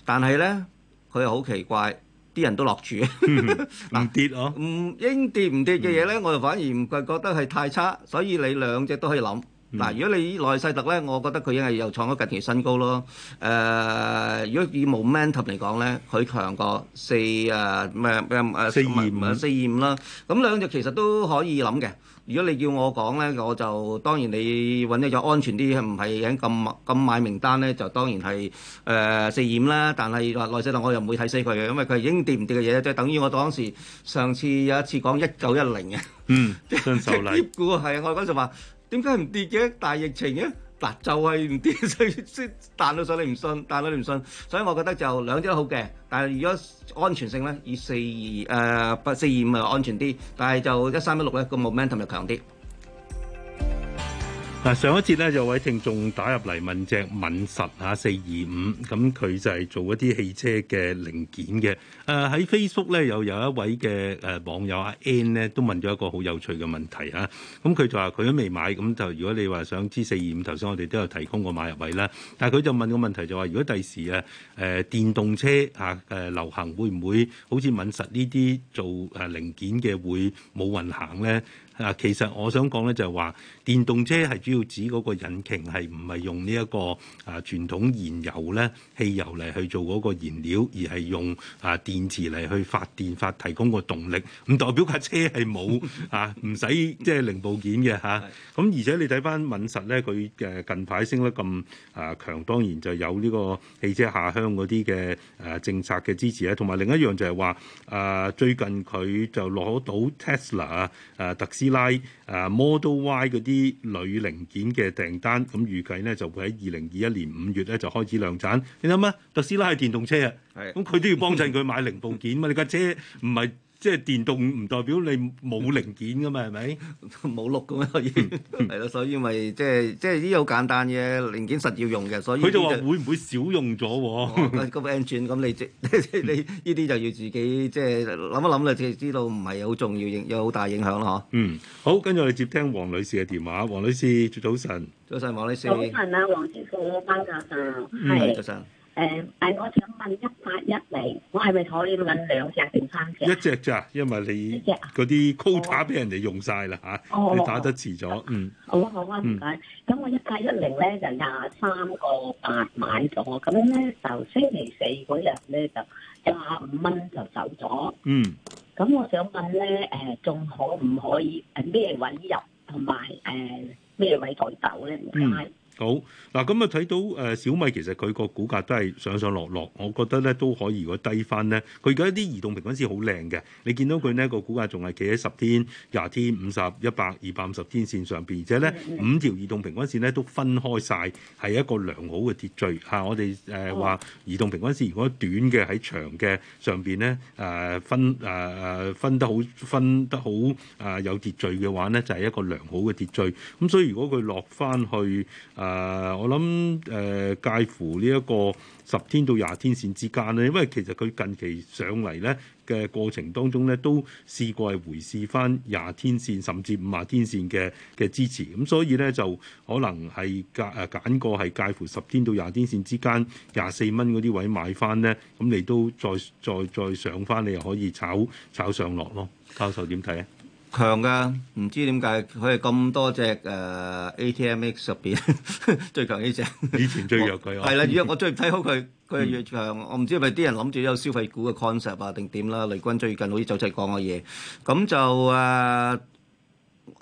但係咧佢係好奇怪。啲人都落住、 嗯，能跌哦、啊。唔、嗯、應跌唔跌嘅嘢咧，我就反而唔覺覺得係太差，所以你兩隻都可以諗。嗱、嗯，如果你內世特咧，我覺得佢應該係又創咗近期新高咯。誒、呃，如果以 momentum 嚟講咧，佢強過四誒咩咩誒四二五四二五啦。咁、啊啊、兩隻其實都可以諗嘅。如果你叫我講咧，我就當然你揾得咗安全啲，係唔係咁咁買名單咧，就當然係誒四險啦。但係話內資檔我又唔會睇死佢嘅，因為佢已經跌唔跌嘅嘢，即係等於我當時上次有一次講一九一零嘅，嗯，新秀麗。股係我嗰時話點解唔跌嘅？大疫情嘅。嗱，就係唔跌先先彈到你唔信？彈到你唔信，所以我覺得就兩隻都好嘅。但係如果安全性呢，以四二誒八四二五啊，安全啲。但係就 1, 3, 1,、um、是一三一六呢個 momentum 就強啲。嗱，上一節咧有位聽眾打入嚟問隻敏實嚇四二五，咁佢就係做一啲汽車嘅零件嘅。誒喺 Facebook 咧又有一位嘅誒網友阿 N 咧都問咗一個好有趣嘅問題嚇，咁佢就話佢都未買，咁就如果你話想知四二五頭先，我哋都有提供個買入位啦。但係佢就問個問題就話，如果第時啊誒電動車嚇誒流行，會唔會好似敏實呢啲做誒零件嘅會冇運行咧？啊，其實我想講咧就係話，電動車係主要指個引擎係唔係用呢一個啊傳統燃油咧汽油嚟，去做個燃料，而係用啊電池嚟去發電發提供個動力。唔代表架車係冇 啊，唔使即係零部件嘅吓。咁而且你睇翻敏實咧，佢誒近排升得咁啊強，當然就有呢個汽車下鄉啲嘅誒政策嘅支持咧。同埋另一樣就係話，誒最近佢就攞到 Tesla 啊，誒特斯拉。特斯拉、啊 Model Y 啲鋁零件嘅訂單，咁預計咧就會喺二零二一年五月咧就開始量產。你諗啊，特斯拉係電動車啊，咁佢都要幫襯佢買零部件啊嘛？你架車唔係？ 即係電動唔代表你冇零件噶嘛，係咪冇落咁可以？係咯， 所以咪即係即係呢啲好簡單嘅零件實要用嘅，所以佢就話會唔會少用咗喎？咁 engine 咁你即係你依啲就要自己即係諗一諗啦，即係知道唔係好重要影有好大影響咯嗬？嗯，好，跟住我哋接聽王女士嘅電話。王女士，早晨，早晨，王女士，嗯、早晨。誒，但、嗯、我想問一八一零，我係咪可以搵兩隻定三隻？一隻咋，因為你嗰啲 quota 俾人哋用晒啦吓，oh, 你打得遲咗。Oh, oh, oh, 嗯，好啊好啊，唔該。咁我一八一零咧就廿三個八買咗，咁咧就星期四嗰日咧就廿五蚊就走咗。嗯，咁我想問咧，誒、呃，仲可唔可以？係咩位入？同埋誒，咩、呃、位再走咧？唔該。好嗱，咁啊睇到誒、呃、小米其實佢個股價都係上上落落，我覺得咧都可以。如果低翻咧，佢而家啲移動平均線好靚嘅，你見到佢呢個股價仲係企喺十天、廿天、五十、一百、二百五十天線上邊，而且咧五條移動平均線咧都分開晒，係一個良好嘅秩序吓、啊。我哋誒話，呃、移動平均線如果短嘅喺長嘅上邊咧誒分誒誒、呃、分得好分得好誒、呃、有秩序嘅話咧，就係、是、一個良好嘅秩序。咁所以如果佢落翻去誒、呃誒、呃，我諗誒、呃、介乎呢一個十天到廿天線之間咧，因為其實佢近期上嚟咧嘅過程當中咧，都試過係回試翻廿天線，甚至五廿天線嘅嘅支持，咁所以咧就可能係揀誒揀個係介乎十天到廿天線之間，廿四蚊嗰啲位買翻咧，咁你都再再再上翻，你又可以炒炒上落咯。教授點睇啊？強嘅，唔知點解佢係咁多隻誒、呃、ATMX 入邊最強呢隻，以前最弱佢，係啦我。而家 我最唔睇好佢，佢越強。嗯、我唔知係咪啲人諗住有消費股嘅 concept 啊，定點啦？雷軍最近好似走出嚟講嘅嘢，咁就誒、呃，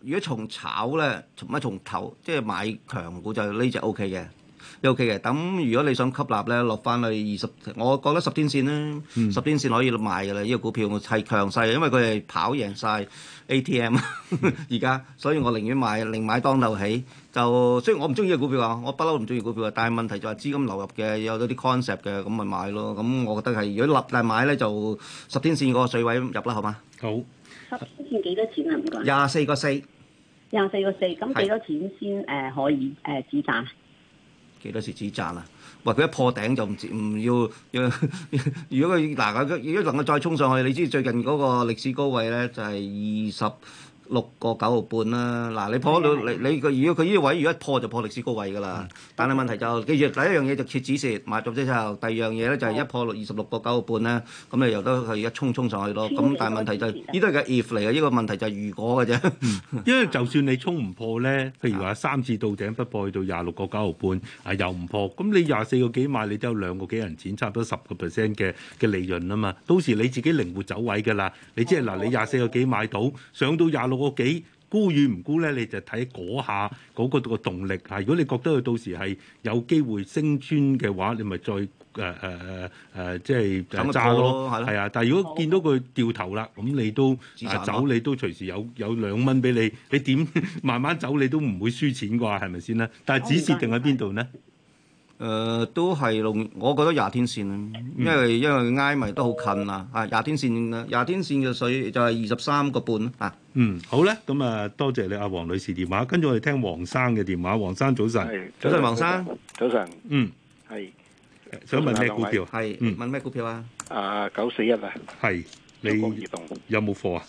如果從炒咧，從乜從投，即、就、係、是、買強股就呢隻 OK 嘅。O K 嘅，咁如果你想吸納咧，落翻去二十，我覺得十天線咧，十、嗯、天線可以買嘅啦。呢、呢個股票係強勢嘅，因為佢係跑贏晒 A T M 而 家，所以我寧願買，寧買當頭起。就雖然我唔中意個股票啊，我不嬲唔中意股票啊，但係問題就係資金流入嘅，有咗啲 concept 嘅，咁咪買咯。咁我覺得係，如果立例買咧，就十天線個水位入啦，好嗎？好。十天線幾多錢啊？廿四個四，廿四個四，咁幾多錢先誒可以誒止賺？是呃呃幾多次止賺啊！喂，佢一破頂就唔接唔要。如果佢嗱，如果能夠再衝上去，你知最近嗰個歷史高位咧就係二十。六個九毫半啦，嗱、啊、你破到的你你個如果佢呢個位，如果一破就破歷史高位噶啦，的但係問題就記住第一樣嘢就設止蝕買咗之後，第二樣嘢咧就係一破六二十六個九毫半咧，咁你由得佢一衝衝上去咯，咁、啊、但係問題就呢、是、都係個 if 嚟嘅，呢個問題就係如果嘅啫。因為就算你衝唔破咧，譬如話三次到頂不破去到廿六個九毫半啊又唔破，咁你廿四個幾買你都有兩個幾銀錢，差唔多十個 percent 嘅嘅利潤啊嘛，到時你自己靈活走位噶啦，你即係嗱你廿四個幾買到上到廿六。個幾沽遠唔沽咧，你就睇嗰下嗰個個動力嚇。如果你覺得佢到時係有機會升穿嘅話，你咪再誒誒誒誒，即係走咯。係啊，但係如果見到佢掉頭啦，咁你都好走，你都隨時有有兩蚊俾你。你點慢慢走，你都唔會輸錢啩？係咪先啦？但係指示定喺邊度呢？誒，都係六，我覺得廿天線啦，因為因為挨埋都好近啦，吓，廿天線嘅廿天線嘅水就係二十三個半啊。嗯，好咧，咁啊，多謝你阿黃女士電話，跟住我哋聽黃生嘅電話。黃生早晨，早晨黃生，早晨，嗯，係，想問咩股票？係，問咩股票啊？啊，九四一啊，係，你移動有冇貨啊？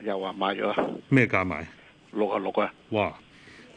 又話買咗，咩價買？六啊六啊，哇！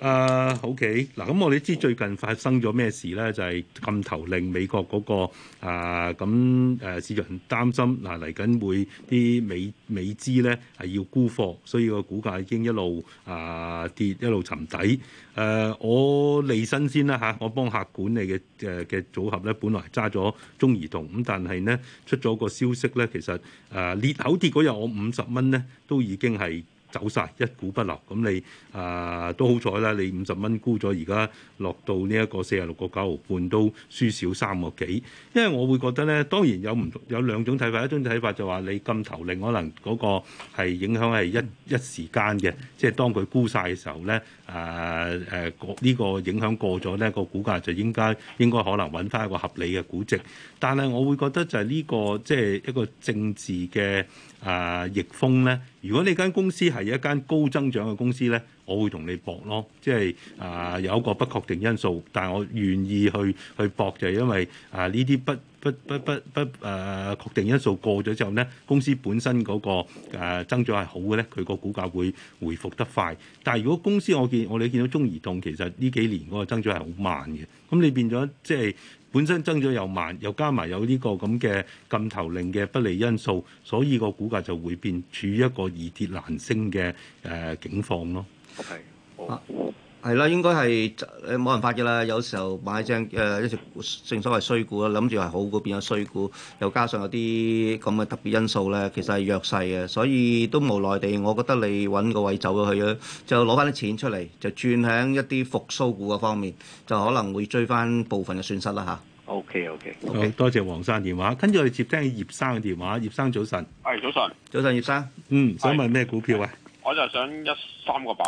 啊、uh,，OK，嗱，咁我哋知最近發生咗咩事咧？就係、是、禁投令，美國嗰、那個啊，咁、uh, 誒市場擔心，嗱嚟緊會啲美美資咧係要沽貨，所以個股價已經一路啊、uh, 跌，一路沉底。誒、uh,，我利新先啦嚇，我幫客管理嘅誒嘅組合咧，本來揸咗中移動，咁但係呢出咗個消息咧，其實誒裂口跌嗰日，我五十蚊咧都已經係。走晒，一股不留。咁你啊、呃、都好彩啦！你五十蚊沽咗，而家落到呢一個四十六個九毫半，都輸少三個幾，因為我會覺得咧，當然有唔有兩種睇法，一種睇法就話，你禁投令可能嗰個係影響係一一時間嘅，即係當佢沽晒嘅時候咧，誒、呃、誒，呢、這個影響過咗咧，個股價，就應該應該可能揾翻一個合理嘅估值。但係我會覺得就係呢、這個即係、就是、一個政治嘅。誒、啊、逆風咧，如果你間公司係一間高增長嘅公司咧，我會同你搏咯，即係誒、啊、有一個不確定因素，但係我願意去去搏就係因為誒呢啲不不不不不誒確、啊、定因素過咗之後咧，公司本身嗰、那個、啊、增長係好嘅咧，佢個股價會回復得快。但係如果公司我見我哋見，見到中移動其實呢幾年嗰個增長係好慢嘅，咁你變咗即係。本身增長又慢，又加埋有呢個咁嘅禁投令嘅不利因素，所以個股價就會變，處於一個易跌難升嘅、誒、呃、景況咯。係。Okay. 係啦，應該係冇辦法嘅啦。有時候買隻誒一隻、呃、正所謂衰股啦，諗住係好股變咗衰股，又加上有啲咁嘅特別因素咧，其實係弱勢嘅。所以都無奈地，我覺得你揾個位走咗去咗，就攞翻啲錢出嚟，就轉喺一啲復甦股嘅方面，就可能會追翻部分嘅損失啦吓、啊、OK OK，OK，多謝黃生電話，跟住我哋接聽葉生嘅電話。葉生早晨，係早晨，早晨葉生，嗯，想問咩股票啊？我就想一三個八。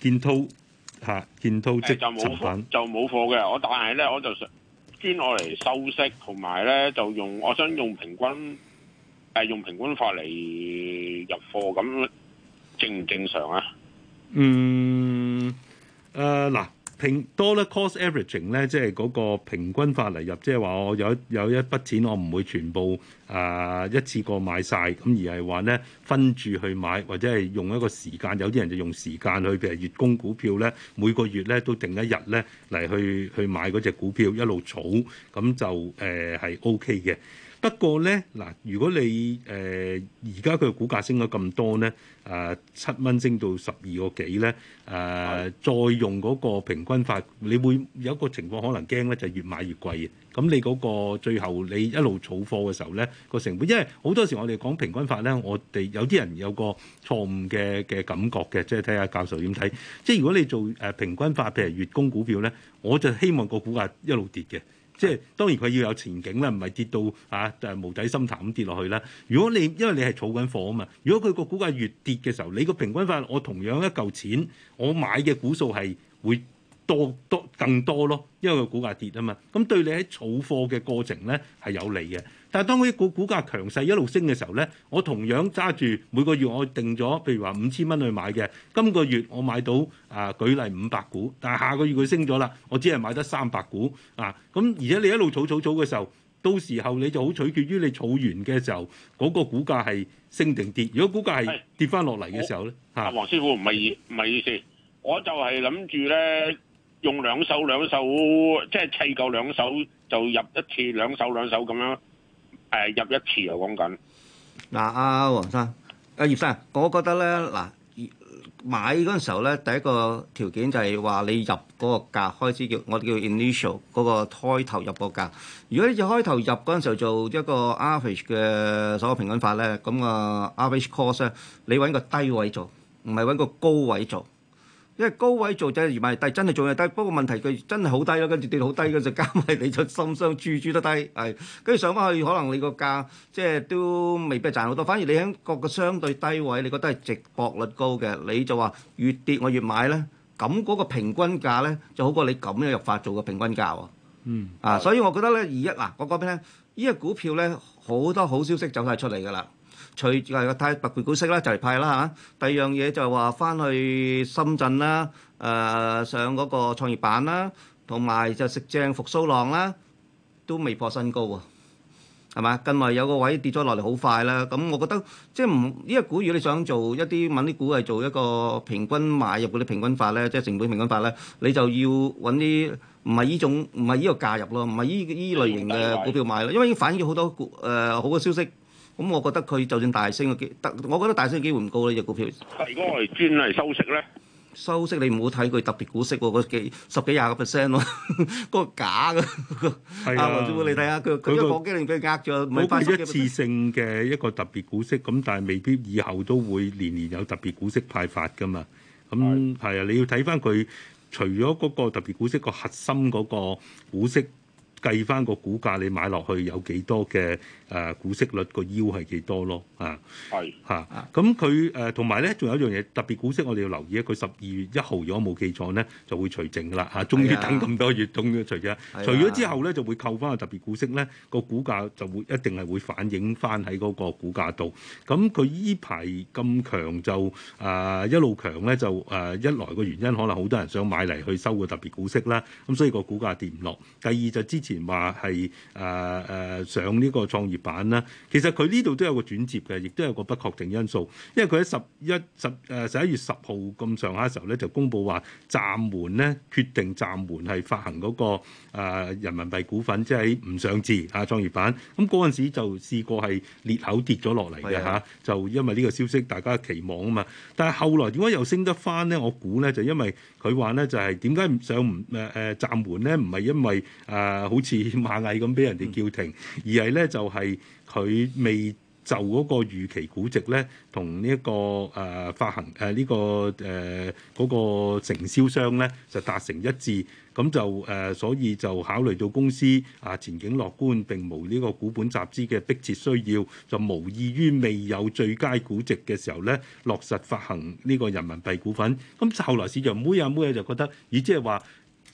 建滔。吓，現到即就冇就冇貨嘅，我但係咧我就想專攞嚟收息，同埋咧就用，我想用平均，誒、呃、用平均法嚟入貨，咁正唔正常啊？嗯，誒、呃、嗱。平 dollar cost averaging 咧，即係嗰個平均法嚟入，即係話我有一有一筆錢，我唔會全部誒、呃、一次過買晒。咁而係話咧，分住去買，或者係用一個時間，有啲人就用時間去譬如月供股票咧，每個月咧都定一日咧嚟去去買嗰隻股票，一路儲，咁就誒係、呃、OK 嘅。不過咧，嗱，如果你誒而家佢個股價升咗咁多咧，誒、呃、七蚊升到十二個幾咧，誒、呃、是的 再用嗰個平均法，你會有一個情況可能驚咧，就越買越貴嘅。咁你嗰個最後你一路儲貨嘅時候咧，個成本，因為好多時我哋講平均法咧，我哋有啲人有個錯誤嘅嘅感覺嘅，即係睇下教授點睇。即係如果你做誒平均法，譬如月供股票咧，我就希望個股價一路跌嘅。即係當然佢要有前景啦，唔係跌到啊無底深潭咁跌落去啦。如果你因為你係儲緊貨啊嘛，如果佢個股價越跌嘅時候，你個平均份，我同樣一嚿錢，我買嘅股數係會多多更多咯，因為佢個股價跌啊嘛，咁對你喺儲貨嘅過程咧係有利嘅。但係當佢股股價強勢一路升嘅時候咧，我同樣揸住每個月我定咗，譬如話五千蚊去買嘅。今個月我買到啊、呃，舉例五百股，但係下個月佢升咗啦，我只係買得三百股啊。咁而且你一路儲儲儲嘅時候，到時候你就好取決於你儲完嘅時候嗰個股價係升定跌。如果股價係跌翻落嚟嘅時候咧，嚇，啊、黃師傅唔係唔係意思，我就係諗住咧用兩手兩手，即係砌夠兩手就入一次兩手兩手咁樣。誒入一次又講緊嗱，阿黃生、阿葉生，我覺得咧嗱，買嗰陣時候咧，第一個條件就係話你入嗰個價開始叫，我哋叫 initial 嗰個開頭入個價。如果你要開頭入嗰陣時候做一個 average 嘅所有平均法咧，咁啊個 average cost 咧，你揾個低位做，唔係揾個高位做。因為高位做就越買越低，真係做又低。不過問題佢真係好低咯，跟住跌到好低，跟住加埋你就心傷，注注都低，係跟住上翻去，可能你個價即係都未必賺好多。反而你喺各個相對低位，你覺得係值博率高嘅，你就話越跌我越買咧。咁嗰個平均價咧就好過你咁樣入法做個平均價喎。嗯啊，所以我覺得咧，二一嗱，我講俾你聽，依個股票咧好多好消息走晒出嚟㗎啦。除誒個太古特別股息啦，就嚟派啦嚇。第二樣嘢就係話翻去深圳啦，誒上嗰個創業板啦，同埋就食正復甦浪啦，都未破新高喎。係嘛？近來有個位跌咗落嚟好快啦。咁我覺得即係唔，呢個股如果你想做一啲揾啲股係做一個平均買入嗰啲平均法咧，即係成本平均法咧，你就要揾啲唔係依種、唔係依個價入咯，唔係依依類型嘅股票買咯，因為已經反映咗好多誒好嘅消息。咁、嗯、我覺得佢就算大升嘅機，得我覺得大升嘅機會唔高呢隻、這個、股票。如果係專係收息咧，收息你唔好睇佢特別股息喎、啊，嗰幾十幾廿個 percent 喎，嗰、啊、 個假嘅。係啊。阿黃總，你睇下佢佢一講基，你俾佢呃咗，唔係翻。冇係一次性嘅一個特別股息，咁但係未必以後都會年年有特別股息派發噶嘛。咁係啊，你要睇翻佢除咗嗰個特別股息、那個核心嗰個股息。計翻個股價，你買落去有幾多嘅誒股息率？個腰係幾多咯的啊？啊，係嚇，咁佢誒同埋咧，仲有一樣嘢特別股息，我哋要留意咧。佢十二月一號如果冇記錯咧，就會除淨啦嚇。終於等咁多月，終於除咗，除咗之後咧，就會扣翻個特別股息咧，個股價就會一定係會反映翻喺嗰個股價度。咁佢依排咁強就誒、啊、一路強咧，就誒、啊、一來個原因可能好多人想買嚟去收個特別股息啦，咁、啊、所以個股價跌唔落。第二就之前。前話係誒上呢個創業板啦，其實佢呢度都有個轉折嘅，亦都有個不確定因素，因為佢喺十一十誒十一月十號咁上下嘅時候咧，就公佈話暫緩咧決定暫緩係發行嗰個、呃、人民幣股份，即係唔上市啊創業板。咁嗰陣時就試過係裂口跌咗落嚟嘅嚇，就因為呢個消息大家期望啊嘛。但係後來點解又升得翻呢？我估咧就因為佢話咧就係點解唔上誒誒暫緩咧，唔係因為誒好。呃呃好似螞蟻咁俾人哋叫停，而係咧就係、是、佢未就嗰個預期估值咧，同、這個呃這個呃那個、呢一個誒發行誒呢個誒嗰個承銷商咧就達成一致，咁就誒、呃、所以就考慮到公司啊前景樂觀，並無呢個股本集資嘅迫切需要，就無意於未有最佳估值嘅時候咧落實發行呢個人民幣股份。咁後來市場妹啊妹就覺得，咦，即係話。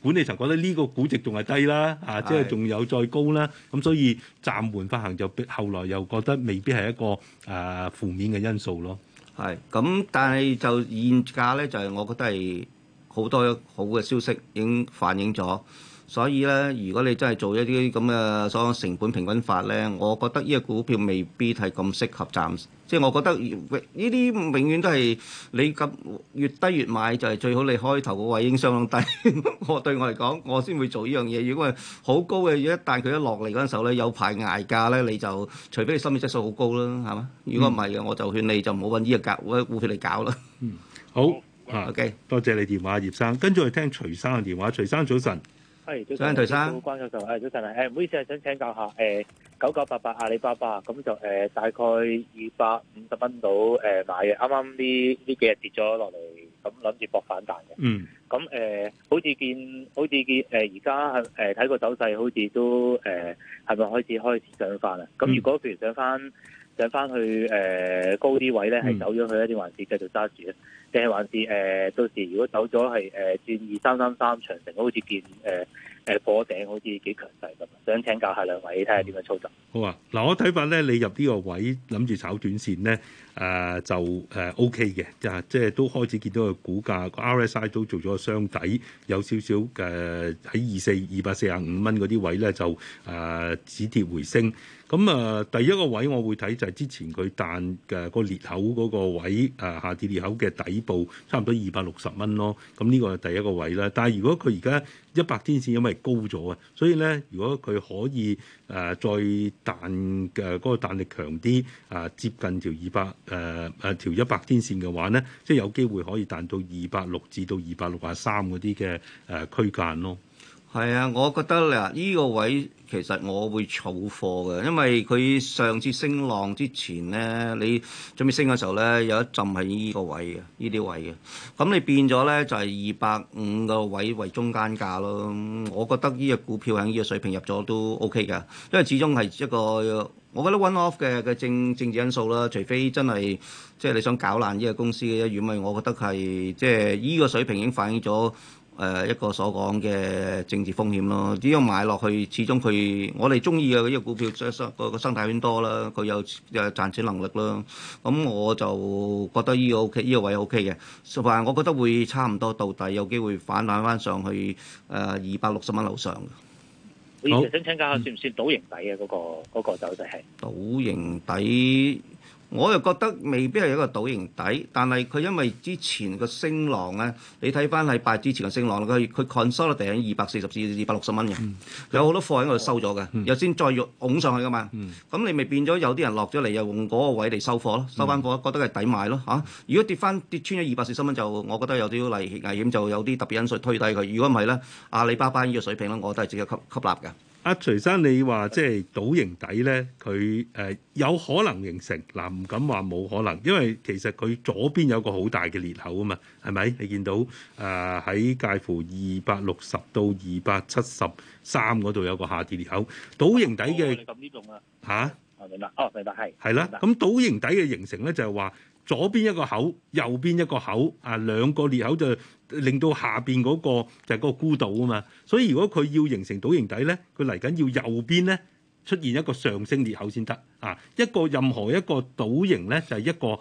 管理層覺得呢個估值仲係低啦，啊，即係仲有再高啦，咁所以暫緩發行就，後來又覺得未必係一個誒、呃、負面嘅因素咯。係，咁但係就現價咧，就係、是、我覺得係好多好嘅消息已經反映咗。所以咧，如果你真係做一啲咁嘅所謂成本平均法咧，我覺得呢個股票未必係咁適合暫時。即係我覺得永呢啲永遠都係你咁越低越買，就係、是、最好你開頭個位已經相當低。 我對我嚟講，我先會做呢樣嘢。如果係好高嘅，一旦佢一落嚟嗰陣時候咧，有排捱價咧，你就除非你心理質素好高啦，係嘛？如果唔係嘅，嗯、我就勸你就唔好揾呢個價位股票嚟搞啦。嗯，好啊。OK，多謝你電話，葉生。跟住聽徐生嘅電話。徐生早晨。係早晨，早晨上，關教授，係早晨上啊！誒，唔好意思，係想請教下，誒、呃，九九八八阿里巴巴，咁就誒、呃、大概二百五十蚊到誒買嘅，啱啱呢呢幾日跌咗落嚟，咁諗住博反彈嘅。嗯，咁誒、呃，好似見，好似見，誒而家係誒睇個走勢，好似都誒係咪開始開始上翻啊？咁如果譬如上翻。嗯上翻去誒、呃、高啲位咧，係走咗去一定還是繼續揸住咧？定係、嗯、還是誒、呃、到時如果走咗係誒轉二三三三長城，好似見誒誒破頂，好似幾強勢咁。想請教下兩位，睇下點樣操作？好啊，嗱，我睇法咧，你入呢個位諗住炒短線咧，誒、呃、就誒、呃、OK 嘅，即係即係都開始見到個股價個 RSI 都做咗個雙底，有少少嘅喺二四二百四十五蚊嗰啲位咧，就誒止跌回升。咁啊、呃，第一個位我會睇就係之前佢彈嘅、呃那個裂口嗰個位，啊、呃、下跌裂口嘅底部差唔多二百六十蚊咯。咁、嗯、呢、呢個係第一個位啦。但係如果佢而家一百天線因為高咗啊，所以咧如果佢可以誒、呃、再彈嘅嗰、呃那個彈力強啲，啊、呃、接近條二百誒誒條一百天線嘅話咧，即係有機會可以彈到二百六至到二百六啊三嗰啲嘅誒區間咯。係啊，我覺得嗱，依、這個位其實我會儲貨嘅，因為佢上次升浪之前咧，你準備升嘅時候咧，有一浸喺依個位嘅，依啲位嘅。咁你變咗咧，就係二百五個位為中間價咯。我覺得依個股票喺依個水平入咗都 OK 嘅，因為始終係一個，我覺得 one off 嘅嘅政政治因素啦。除非真係即係你想搞爛呢個公司嘅一語，咪，我覺得係即係依個水平已經反映咗。誒、呃、一個所講嘅政治風險咯，只要買落去，始終佢我哋中意嘅一隻股票，個個生態圈多啦，佢有誒賺錢能力啦。咁、嗯、我就覺得依個 OK，依個位 OK 嘅。但係我覺得會差唔多到底，有機會反彈翻上去誒二百六十蚊樓上。我而家想請教下，算唔算倒型底嘅嗰個嗰個走勢係？倒型底。我又覺得未必係一個倒型底，但係佢因為之前個升浪咧，你睇翻禮拜之前個升浪佢佢 consolidating 二百四十至二百六十蚊嘅，嗯、有好多貨喺度收咗嘅，嗯、又先再擁上去噶嘛，咁、嗯、你咪變咗有啲人落咗嚟又用嗰個位嚟收貨,收貨咯，收翻貨覺得係抵買咯嚇。如果跌翻跌穿咗二百四十蚊就，我覺得有啲危危險，就有啲特別因素推低佢。如果唔係咧，阿里巴巴呢個水平咧，我都係直接吸吸納嘅。阿徐生，你話即係倒形底咧？佢誒、呃、有可能形成嗱，唔、呃、敢話冇可能，因為其實佢左邊有個好大嘅裂口啊嘛，係咪？你見到誒喺、呃、介乎二百六十到二百七十三嗰度有個下跌裂口，倒形底嘅咁呢種啊吓？我、啊哦、明白，哦，明白，係係啦。咁倒形底嘅形成咧，就係、是、話左邊一個口，右邊一個口，啊兩個裂口就。令到下邊嗰、那個就係、是、嗰個孤島啊嘛，所以如果佢要形成島形底咧，佢嚟緊要右邊咧出現一個上升裂口先得啊。一個任何一個島形咧就係、是、一個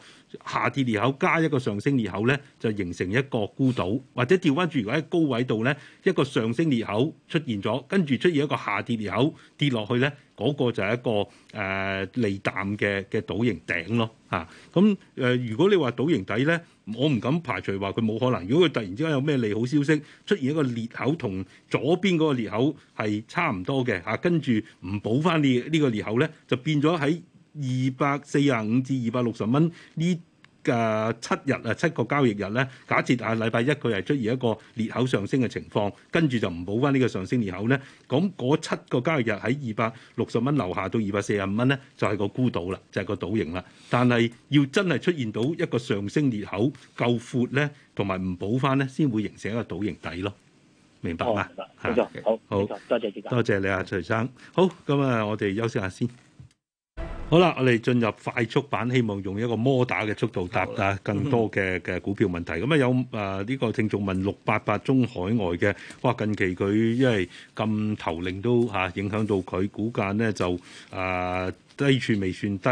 下跌裂口加一個上升裂口咧，就形成一個孤島。或者調翻轉，如果喺高位度咧，一個上升裂口出現咗，跟住出現一個下跌裂口跌落去咧。嗰個就係一個誒、呃、利淡嘅嘅倒型頂咯嚇，咁、啊、誒、啊、如果你話倒型底咧，我唔敢排除話佢冇可能。如果佢突然之間有咩利好消息出現一個裂口，同左邊嗰個裂口係差唔多嘅嚇、啊，跟住唔補翻呢呢個裂口咧，就變咗喺二百四十五至二百六十蚊呢，嘅、啊、七日啊，七個交易日咧，假設啊，禮拜一佢係出現一個裂口上升嘅情況，跟住就唔補翻呢個上升裂口咧，咁嗰七個交易日喺二百六十蚊樓下到二百四十五蚊咧，就係、是、個孤島啦，就係、是、個島形啦。但係要真係出現到一個上升裂口夠闊咧，同埋唔補翻咧，先會形成一個島形底咯。明白嗎？冇、哦、Okay. 好好多謝，謝多謝你啊，徐生。好，咁啊，我哋休息下先。好啦，我哋進入快速版，希望用一個摩打嘅速度答啊，更多嘅嘅股票問題。咁啊有誒呢、呃這個聽眾問六八八中海外嘅，哇近期佢因為咁頭令都吓、啊、影響到佢股價呢就誒、啊、低處未算低，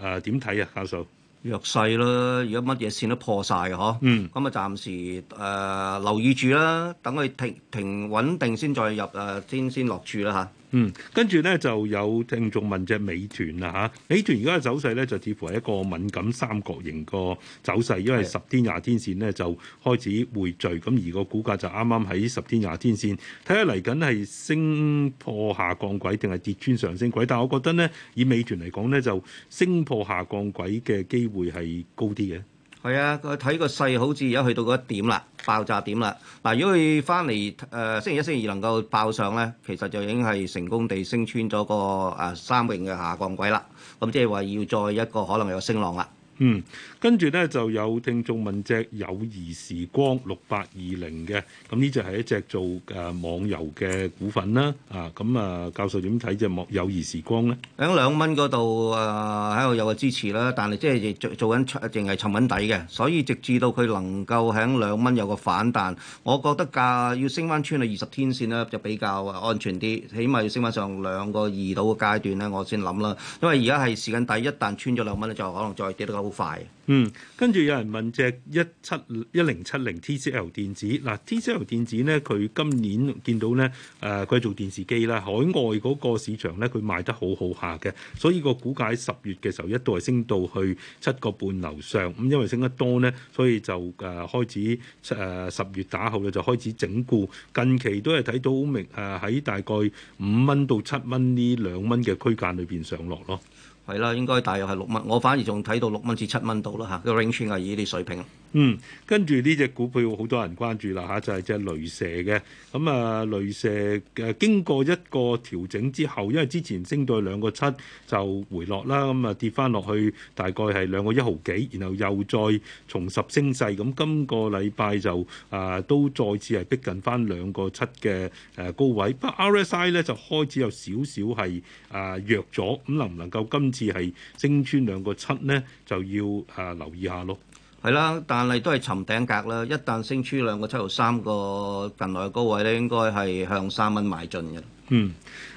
誒點睇啊，教授、啊？弱勢啦，而家乜嘢線都破晒嗬。啊、嗯。咁啊，暫時誒、呃、留意住啦，等佢停停穩定先再入誒、呃，先先，先落注啦吓。啊嗯，跟住咧就有聽眾問隻美團啦嚇、啊，美團而家嘅走勢咧就似乎係一個敏感三角形個走勢，因為十天廿天線咧就開始匯聚，咁的而個股價就啱啱喺十天廿天線，睇下嚟緊係升破下降軌定係跌穿上升軌，但係我覺得咧，以美團嚟講咧，就升破下降軌嘅機會係高啲嘅。係啊，個睇個勢好似而家去到嗰一點啦，爆炸點啦。嗱，如果佢翻嚟誒星期一、星期二能夠爆上咧，其實就已經係成功地升穿咗個誒、呃、三形嘅下降軌啦。咁即係話要再一個可能有升浪啦。嗯，跟住咧就有聽眾問隻友誼時光六八二零嘅，咁呢隻係一隻做誒、呃、網遊嘅股份啦，啊，咁、嗯、啊教授點睇隻網友誼時光咧？喺兩蚊嗰度啊，喺、呃、度有個支持啦，但係即係做做緊，淨係尋揾底嘅，所以直至到佢能夠喺兩蚊有個反彈，我覺得價要升翻穿啊二十天線咧，就比較安全啲，起碼要升翻上兩個二到嘅階段咧，我先諗啦。因為而家係時間底，一旦穿咗兩蚊咧，就可能再跌得。好快。嗯，跟住有人問隻一七一零七零 TCL 電子嗱，TCL 電子咧，佢今年見到咧，誒、呃、佢做電視機啦，海外嗰個市場咧，佢賣得好好下嘅，所以個股價喺十月嘅時候一度係升到去七個半樓上，咁、嗯、因為升得多咧，所以就誒開始誒十月打後咧就開始整固，近期都係睇到明誒喺大概五蚊到七蚊呢兩蚊嘅區間裏邊上落咯。係啦，應該大約係六蚊，我反而仲睇到六蚊至七蚊度啦吓，啊個 range 係以呢啲水平。嗯，跟住呢隻股票好多人關注啦嚇、啊，就係、是、隻雷蛇嘅。咁啊，雷蛇嘅、啊、經過一個調整之後，因為之前升到兩個七就回落啦，咁啊跌翻落去大概係兩個一毫幾，然後又再重拾升勢。咁、啊、今個禮拜就啊都再次係逼近翻兩個七嘅誒高位，不、啊、過 RSI 咧就開始有少少係啊弱咗。咁、啊、能唔能夠今次係升穿兩個七呢？就要啊留意下咯。係啦，但係都係沉頂格啦。一旦升出兩個七毫三，個近來嘅高位呢，應該係向三蚊買進嘅。嗯。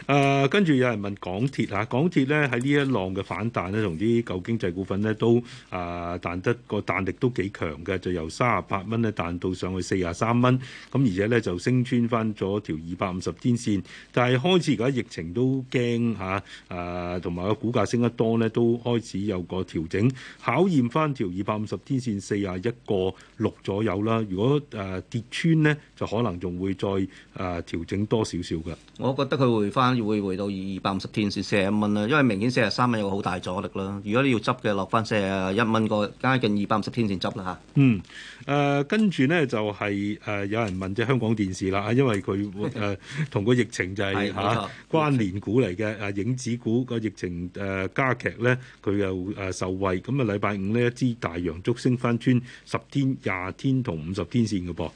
誒跟住有人問港鐵嚇，港鐵咧喺呢一浪嘅反彈咧，同啲舊經濟股份咧都誒彈、呃、得個彈力都幾強嘅，就由三十八蚊咧彈到上去四十三蚊，咁而且咧就升穿翻咗條二百五十天線，但係開始而家疫情都驚嚇，誒同埋個股價升得多咧都開始有個調整，考驗翻條二百五十天線四十一個六左右啦。如果誒、呃、跌穿呢，就可能仲會再誒調、呃、整多少少嘅。我覺得佢會翻。會回到二百五十天線四啊一蚊啦，因為明顯四啊三蚊有好大阻力啦。如果你要執嘅落翻四啊一蚊個，加近二百五十天線執啦嚇。嗯，誒跟住呢，就係誒有人問隻香港電視啦，因為佢誒同個疫情就係、是、嚇關聯股嚟嘅啊影子股個疫情誒、啊、加劇呢，佢又誒受惠咁啊。禮拜五呢，一支大陽燭升翻穿十天廿天同五十天線嘅噃，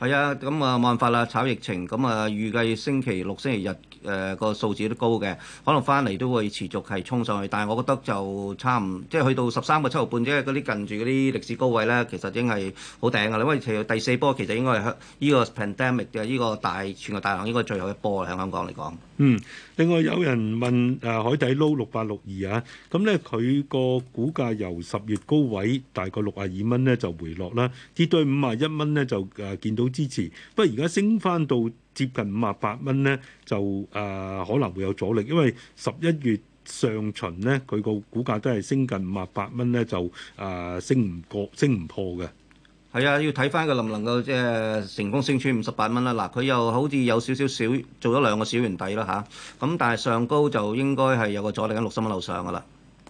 係啊咁啊冇辦法啦，炒疫情咁啊預計星期六，星期六，星期日。誒、呃、個數字都高嘅，可能翻嚟都會持續係衝上去，但係我覺得就差唔，即係去到十三個七毫半，即係嗰啲近住嗰啲歷史高位咧，其實已經係好頂㗎啦。因為其實第四波其實應該係香依個 pandemic 嘅呢個大全球大行應該係最後一波喺香港嚟講。嗯，另外有人問誒、啊、海底撈六八六二啊，咁咧佢個股價由十月高位大概六啊二蚊咧就回落啦，跌到五啊一蚊咧就誒見到支持，不過而家升翻到。接近五十八蚊咧，就誒、呃、可能會有阻力，因為十一月上旬咧，佢個股價都係升近五十八蚊咧，就誒、呃、升唔過，升唔破嘅。係啊，要睇翻佢能唔能夠即係成功升穿五十八蚊啦。嗱、啊，佢又好似有少少少做咗兩個小圓底啦吓，咁、啊嗯、但係上高就應該係有個阻力喺六十蚊樓上噶啦。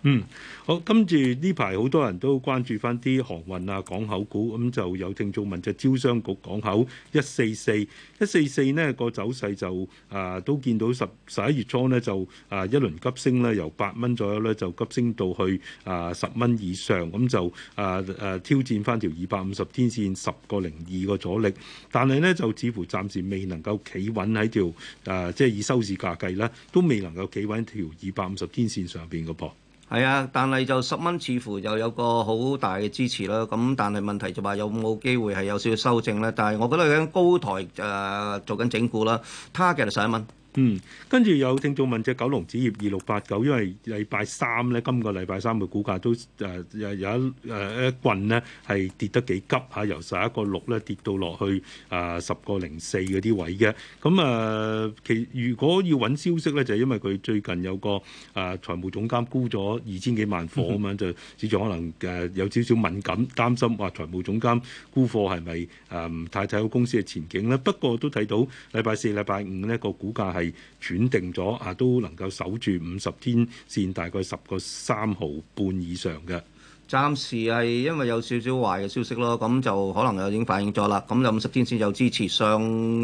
嗯，好。跟住呢排好多人都關注翻啲航運啊、港口股咁，就有聽眾問隻招商局港口一四四一四四呢個走勢，就啊都見到十十一月初呢，就啊一輪急升呢由八蚊左右呢，就急升到去啊十蚊以上咁，就啊啊挑戰翻條二百五十天線十個零二個阻力，但係呢，就似乎暫時未能夠企穩喺條啊即係以收市價計咧都未能夠企穩條二百五十天線上邊嘅噃。係啊，但係就十蚊似乎就有個好大嘅支持啦。咁但係問題就話有冇機會係有少少修正呢？但係我覺得佢喺高台、呃、做緊整固啦，他嘅就十一蚊。嗯，跟住有聽眾問，隻九龍紙業二六八九，因為禮拜三咧，今個禮拜三嘅股價都誒有有一誒一棍咧，係跌得幾急吓，由十一個六咧跌到落去誒十個零四嗰啲位嘅。咁啊其如果要揾消息咧，就係因為佢最近有個誒財務總監沽咗二千幾萬貨，咁樣就始終可能誒有少少敏感，擔心話財務總監沽貨係咪誒唔太睇好公司嘅前景咧。不過都睇到禮拜四、禮拜五咧個股價係。係轉定咗啊，都能夠守住五十天線，大概十個三毫半以上嘅。暫時係因為有少少壞嘅消息咯，咁就可能又已經反映咗啦。咁有五十天線有支持，上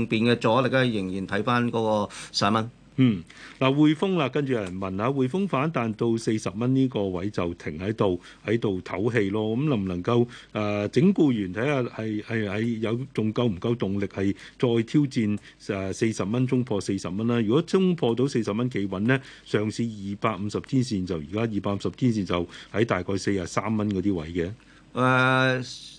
邊嘅阻力，都仍然睇翻嗰個十蚊。嗯，嗱，匯豐啦，跟住有人問下匯豐反彈到四十蚊呢個位就停喺度，喺度唞氣咯。咁能唔能夠誒、呃、整固完睇下係係係有仲夠唔夠動力係再挑戰誒四十蚊，衝破四十蚊啦。如果衝破到四十蚊企穩呢？上市二百五十天線就而家二百五十天線就喺大概四十三蚊嗰啲位嘅誒。Uh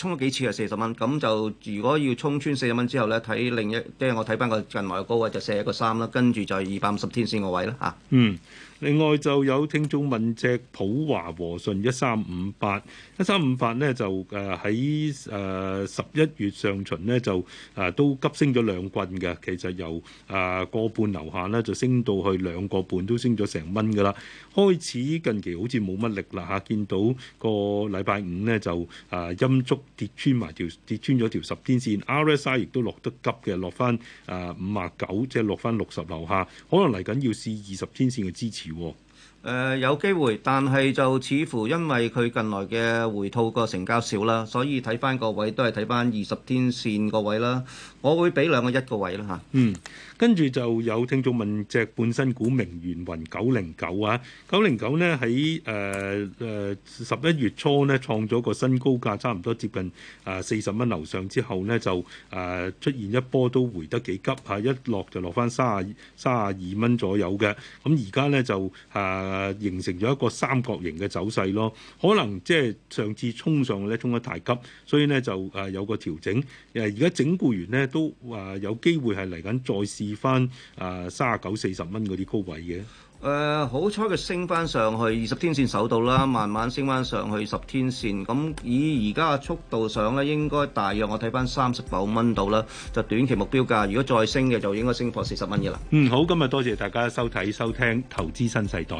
沖咗幾次係四十蚊，咁就如果要沖穿四十蚊之後呢，睇另一，即係我睇翻個近來嘅高位就寫一個三啦，跟住就係二百五十天線個位啦嚇。嗯。另外就有聽眾問隻普華和順一三五八一三五八呢就誒喺誒十一月上旬呢，就誒、呃、都急升咗兩棍嘅，其實由誒個、呃、半樓下呢，就升到去兩個半，都升咗成蚊㗎啦。開始近期好似冇乜力啦嚇、啊，見到個禮拜五呢，就誒陰燭跌穿埋條，跌穿咗條十天線，RSI 亦都落得急嘅，落翻誒五呀九，呃、59，即係落翻六十樓下，可能嚟緊要試二十天線嘅支持。誒、呃、有機會，但係就似乎因為佢近來嘅回吐個成交少啦，所以睇翻個位都係睇翻二十天線個位啦。我會俾兩個一個位啦吓、啊、嗯。跟住就有聽眾問，隻半新股明源雲九零九啊，九零九咧喺誒誒十一月初咧創咗個新高價，差唔多接近誒四十蚊樓上之後咧就誒、呃、出現一波都回得幾急吓、啊，一落就落翻三十啊三十啊二蚊左右嘅。咁而家咧就誒、呃、形成咗一個三角形嘅走勢咯，可能即係上次衝上去咧衝得太急，所以咧就誒有個調整。誒而家整固完咧都話有機會係嚟緊再試翻啊，三九四十蚊啲高位嘅。誒，好彩佢升翻上去二十天線守到啦，慢慢升翻上去十天線。咁以而家嘅速度上咧，應該大約我睇翻三十九蚊度啦，就短期目標價。如果再升嘅，就應該升破四十蚊嘅啦。嗯，好，今日多謝大家收睇收聽《投資新世代》。